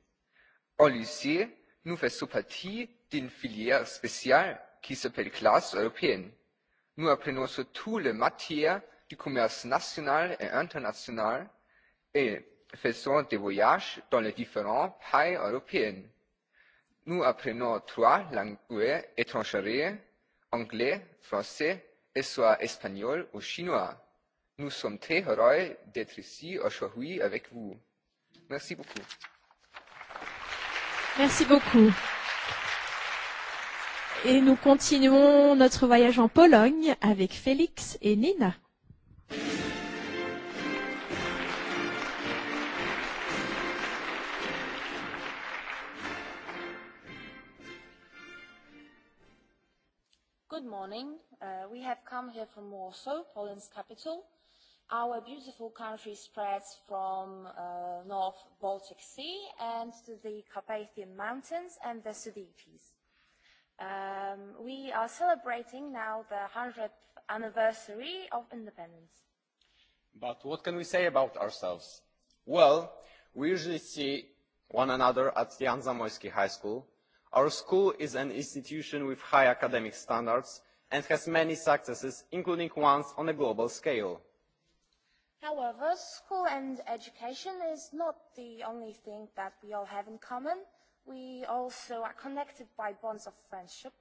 Olisier nous faisons partie d'une filière spéciale qui s'appelle classe européenne. Nous apprenons surtout les matières du commerce national et international et faisons des voyages dans les différents pays européens. Nous apprenons trois langues étrangères, anglais, français et soit espagnol ou chinois Nous sommes très heureux d'être ici aujourd'hui avec vous. Merci beaucoup. Merci beaucoup. Et nous continuons notre voyage en Pologne avec Félix et Nina. Good morning. Uh, we have come here from Warsaw, Poland's capital Our beautiful country spreads from uh, North Baltic Sea and to the Carpathian Mountains and the Sudetes. Um, we are celebrating now the 100th anniversary of independence. But what can we say about ourselves? Well, we usually see one another at Jan Zamoyski High School. Our school is an institution with high academic standards and has many successes, including ones on a global scale However, school and education is not the only thing that we all have in common. We also are connected by bonds of friendship.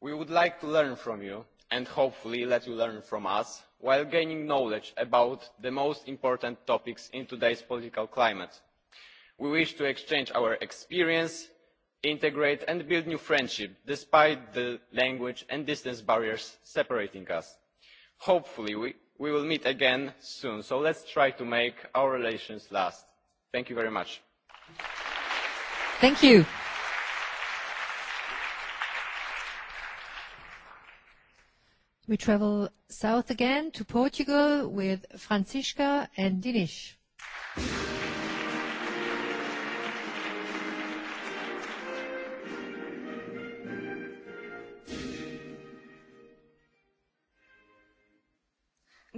We would like to learn from you and hopefully let you learn from us while gaining knowledge about the most important topics in today's political climate. We wish to exchange our experience, integrate and build new friendship despite the language and distance barriers separating us. Hopefully we we will meet again soon. So let's try to make our relations last. Thank you very much. Thank you. We travel south again to Portugal with Francisca and Dinesh.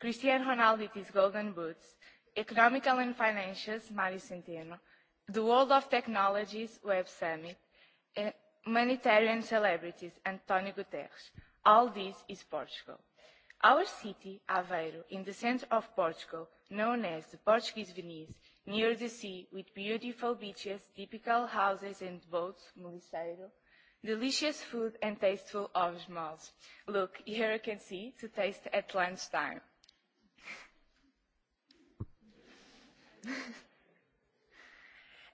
Cristiano his Golden Boots, Economical and Financials, Mari Centeno, the World of Technologies Web Summit, Humanitarian Celebrities, Antonio Guterres. All this is Portugal. Our city, Aveiro, in the centre of Portugal, known as the Portuguese Venice, near the sea with beautiful beaches, typical houses and boats, Muliceiro, delicious food and tasteful of malls. Look, here you can see to taste at lunchtime.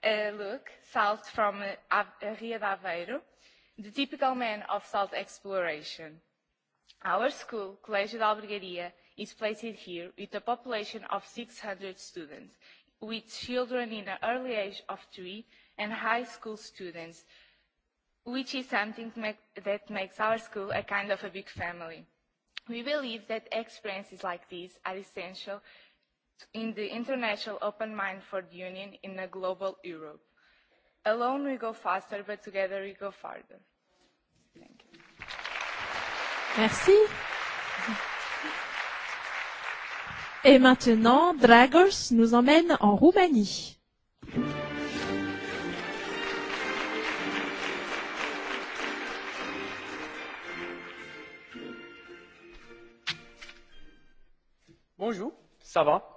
uh, look, salt from uh, Ria de Aveiro, the typical man of salt exploration. Our school, Colegio da Albergaria, is placed here with a population of 600 students, with children in the early age of three and high school students, which is something that makes our school a kind of a big family. We believe that experiences like these are essential in the international open mind for the Union in a global Europe. Alone we go faster, but together we go farther. Thank you. Merci. Et maintenant, Dragos nous emmène en Roumanie. Bonjour, ça va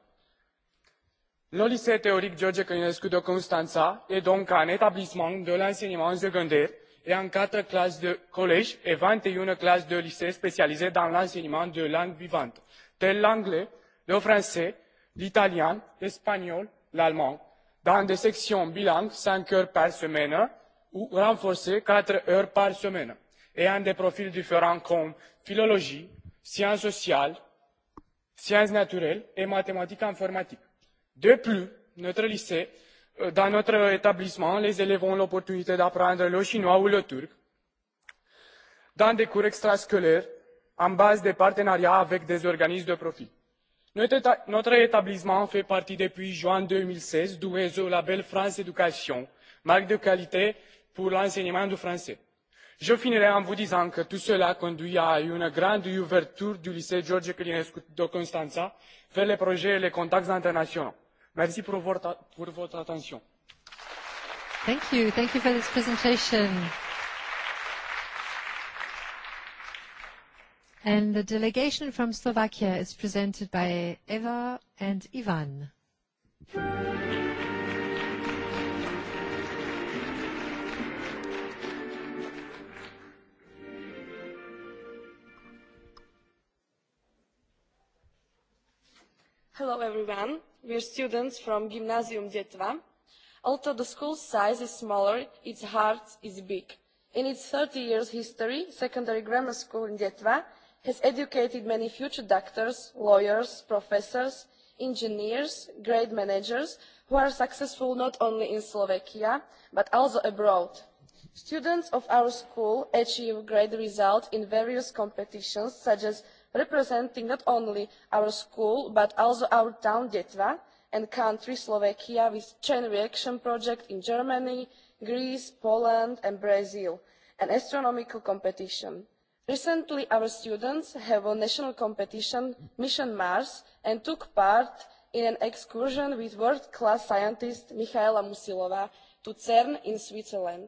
Le lycée théorique George Călinescu de Constanța est donc un établissement de l'enseignement secondaire et en quatre classes de collège et 21 classes de lycée spécialisées dans l'enseignement de langues vivantes, telles l'anglais, le français, l'italien, l'espagnol, l'allemand, dans des sections bilingues cinq heures par semaine ou renforcées quatre heures par semaine, ayant des profils différents comme philologie, sciences sociales, sciences naturelles et mathématiques informatiques De plus, notre lycée, dans notre établissement, les élèves ont l'opportunité d'apprendre le chinois ou le turc dans des cours extrascolaires en base de partenariat avec des organismes de profit. Notre établissement fait partie depuis juin deux mille seize du réseau Label France Éducation, marque de qualité pour l'enseignement du français. Je finirai en vous disant que tout cela conduit à une grande ouverture du lycée George Călinescu de Constanța vers les projets et les contacts internationaux. Merci pour votre, attention. Thank you. Thank you for this presentation. And the delegation from Slovakia is presented by Eva and Ivan. Hello everyone, we are students from Gymnasium Dietva. Although the school's size is smaller, its heart is big. In its 30 years history, secondary grammar school in Dietva has educated many future doctors, lawyers, professors, engineers, grade managers who are successful not only in Slovakia but also abroad. Students of our school achieve great results in various competitions such as representing not only our school but also our town Detva and country Slovakia with chain reaction project in Germany, Greece, Poland and Brazil, an astronomical competition. Recently, our students have won national competition Mission Mars and took part in an excursion with world-class scientist Michaela Musilova to CERN in Switzerland.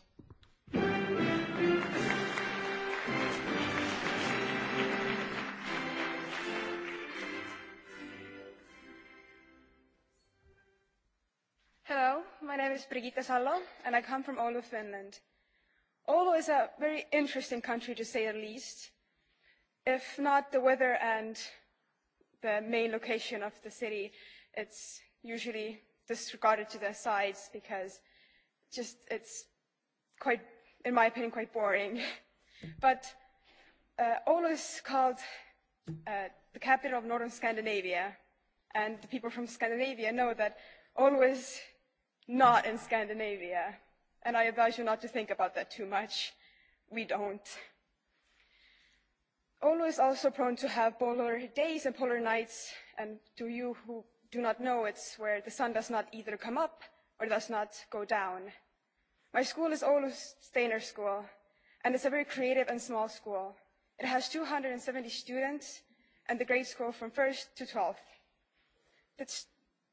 name is Brigitte Salo, and I come from Oulu, Finland. Oulu is a very interesting country, to say the least, if not the weather and the main location of the city. It's usually disregarded to the sides because just it's quite, in my opinion, quite boring. but uh, Oulu is called uh, the capital of northern Scandinavia, and the people from Scandinavia know that Oulu is not in Scandinavia. And I advise you not to think about that too much. We don't. Oulu is also prone to have polar days and polar nights, and to you who do not know, it's where the sun does not either come up or does not go down. My school is Oulu Steiner School, and it's a very creative and small school. It has 270 students, and the grades go from first to 12th. The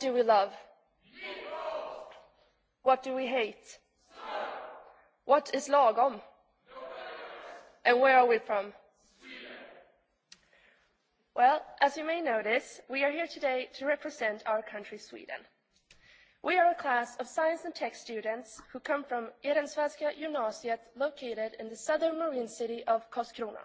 What do we love? What do we hate? What is lagom? And where are we from? Sweden. Well, as you may notice, we are here today to represent our country, Sweden. We are a class of science and tech students who come from Erensvenska gymnasiet located in the southern marine city of Karlskrona.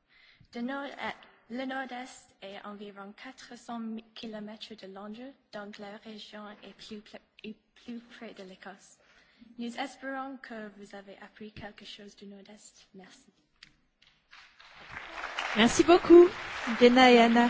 De nord à, le nord-est est environ 400 km de Londres, donc la région est plus, est plus près de l'Écosse. Nous espérons que vous avez appris quelque chose du nord-est. Merci. Merci beaucoup, Dena et Anna.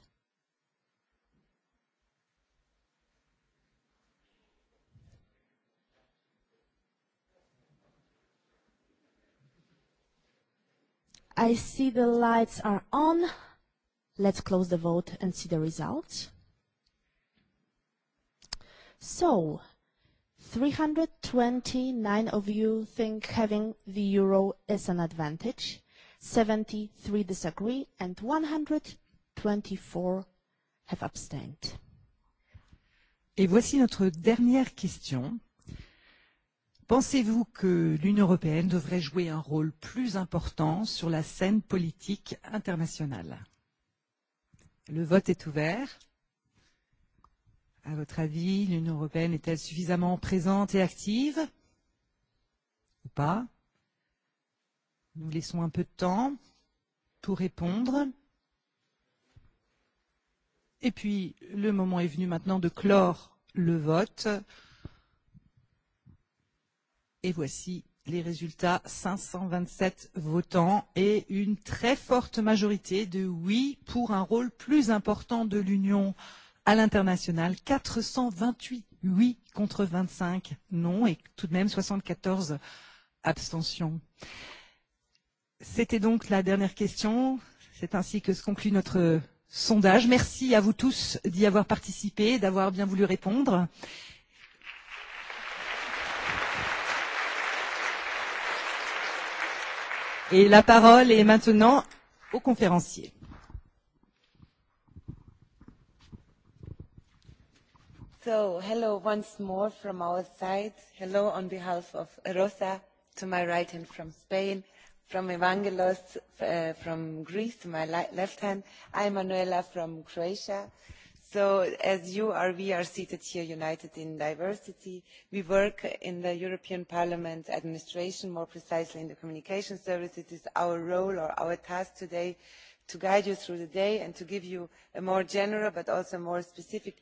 I see the lights are on. Let's close the vote and see the results. So, 329 of you think having the euro is an advantage, 73 disagree, and 124 have abstained. Et voici notre dernière question Pensez-vous que l'Union européenne devrait jouer un rôle plus important sur la scène politique internationale Le vote est ouvert. À votre avis, l'Union européenne est-elle suffisamment présente et active ou pas Nous laissons un peu de temps pour répondre. Et puis, le moment est venu maintenant de clore le vote. Et voici les résultats. 527 votants et une très forte majorité de oui pour un rôle plus important de l'Union à l'international. 428 oui contre 25 non et tout de même 74 abstentions. C'était donc la dernière question. C'est ainsi que se conclut notre sondage. Merci à vous tous d'y avoir participé, d'avoir bien voulu répondre. Et la parole est maintenant au conférencier. So, hello once more from our side. Hello on behalf of Rosa to my right hand from Spain, from Evangelos uh, from Greece to my left hand. I'm Manuela from Croatia So as you are, we are seated here united in diversity. We work in the European Parliament administration, more precisely in the communication service. It is our role or our task today to guide you through the day and to give you a more general but also more specific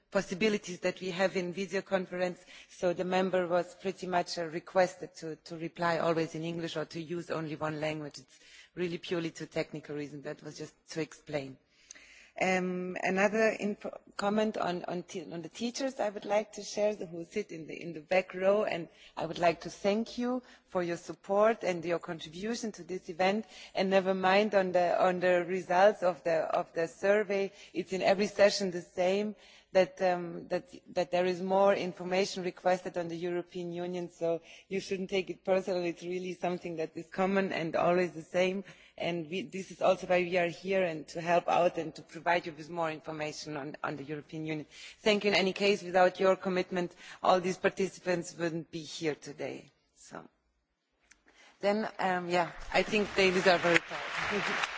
possibilities that we have in video conference so the member was pretty much requested to, to reply always in English or to use only one language. It's really purely to technical reasons. That was just to explain. Um, another imp- comment on, on, on the teachers I would like to share who sit in the, in the back row and I would like to thank you for your support and your contribution to this event and never mind on the, on the results of the, of the survey. It's in every session the same that, um, that, that there is more information requested on the European Union, so you shouldn't take it personally. It's really something that is common and always the same. And we, this is also why we are here and to help out and to provide you with more information on, on the European Union. Thank you. In any case, without your commitment, all these participants wouldn't be here today. So then, um, yeah, I think they deserve a report.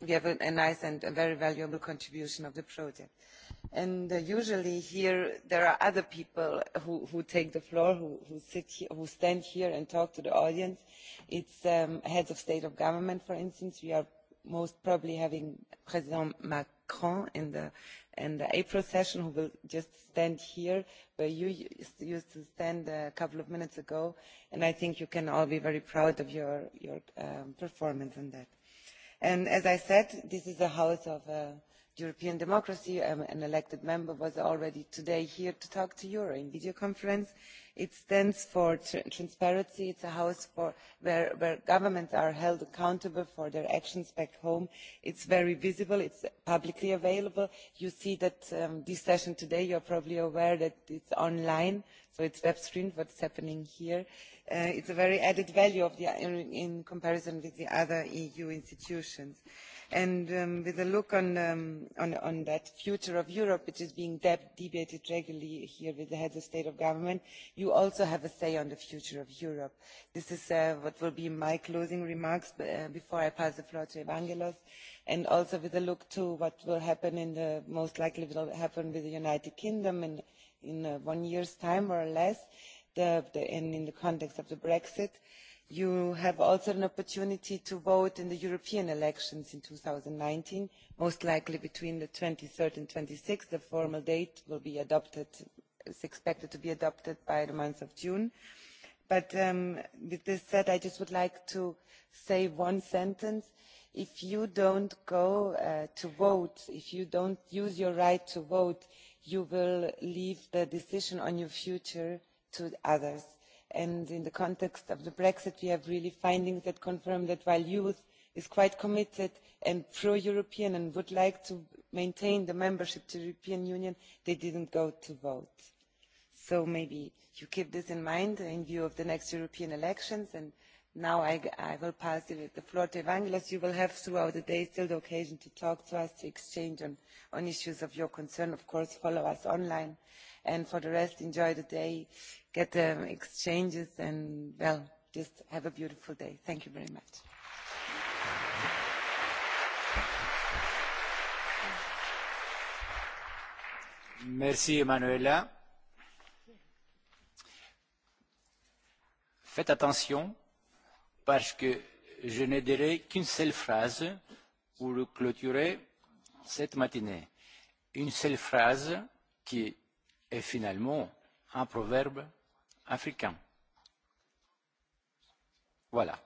we have a nice and a very valuable contribution of the project. And usually here there are other people who, who take the floor, who, who, sit here, who stand here and talk to the audience. It's um, heads of state of government, for instance. We are most probably having President Macron in the, in the April session who will just stand here where you used to stand a couple of minutes ago. And I think you can all be very proud of your, your um, performance on that and as i said this is the house of European democracy. an elected member was already today here to talk to you in video conference. It stands for transparency, it is a house where, governments are held accountable for their actions back home. It is very visible. it is publicly available. You see that this session today, you are probably aware that it is online, so it is web streamed is happening here. It is a very added value in, comparison with the other EU institutions. And with a look on, that future of Europe, which is being debated regularly here with the heads of state or government, you also have a say on the future of Europe. This is what will be my closing remarks before I pass the floor to Evangelos, and also with a look to what will happen in the most likely will happen with the United Kingdom in, in one year's time or less, in the context of the Brexit you have also an opportunity to vote in the European elections in nineteen, most likely between the three and twenty six The formal date will be adopted, is expected to be adopted by the month of June. But with this said, I just would like to say one sentence. If you don't go uh, to vote, if you don't use your right to vote, you will leave the decision on your future to others and in the context of the brexit we have really findings that confirm that while youth is quite committed and pro european and would like to maintain the membership to the european union they didn't go to vote. so maybe you keep this in mind in view of the next european elections and now i, I will pass the floor to evangelos. you will have throughout the day still the occasion to talk to us to exchange on, on issues of your concern of course follow us online and for the rest enjoy the day get um, exchanges and, well, just have a beautiful day. Thank you very much. Merci Emanuela. Faites attention parce que je ne dirai qu'une seule phrase pour clôturer cette matinée. Une seule phrase qui est finalement un proverbe africain. Voilà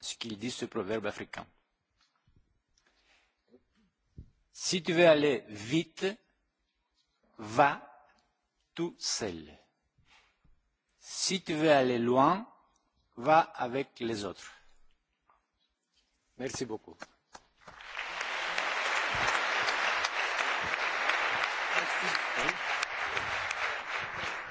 ce qu'il dit ce proverbe africain. Si tu veux aller vite, va tout seul. Si tu veux aller loin, va avec les autres. Merci beaucoup.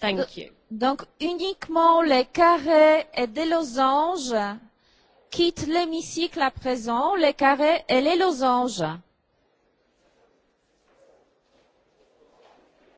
Thank you. Donc uniquement les carrés et des losanges quittent l'hémicycle à présent, les carrés et les losanges.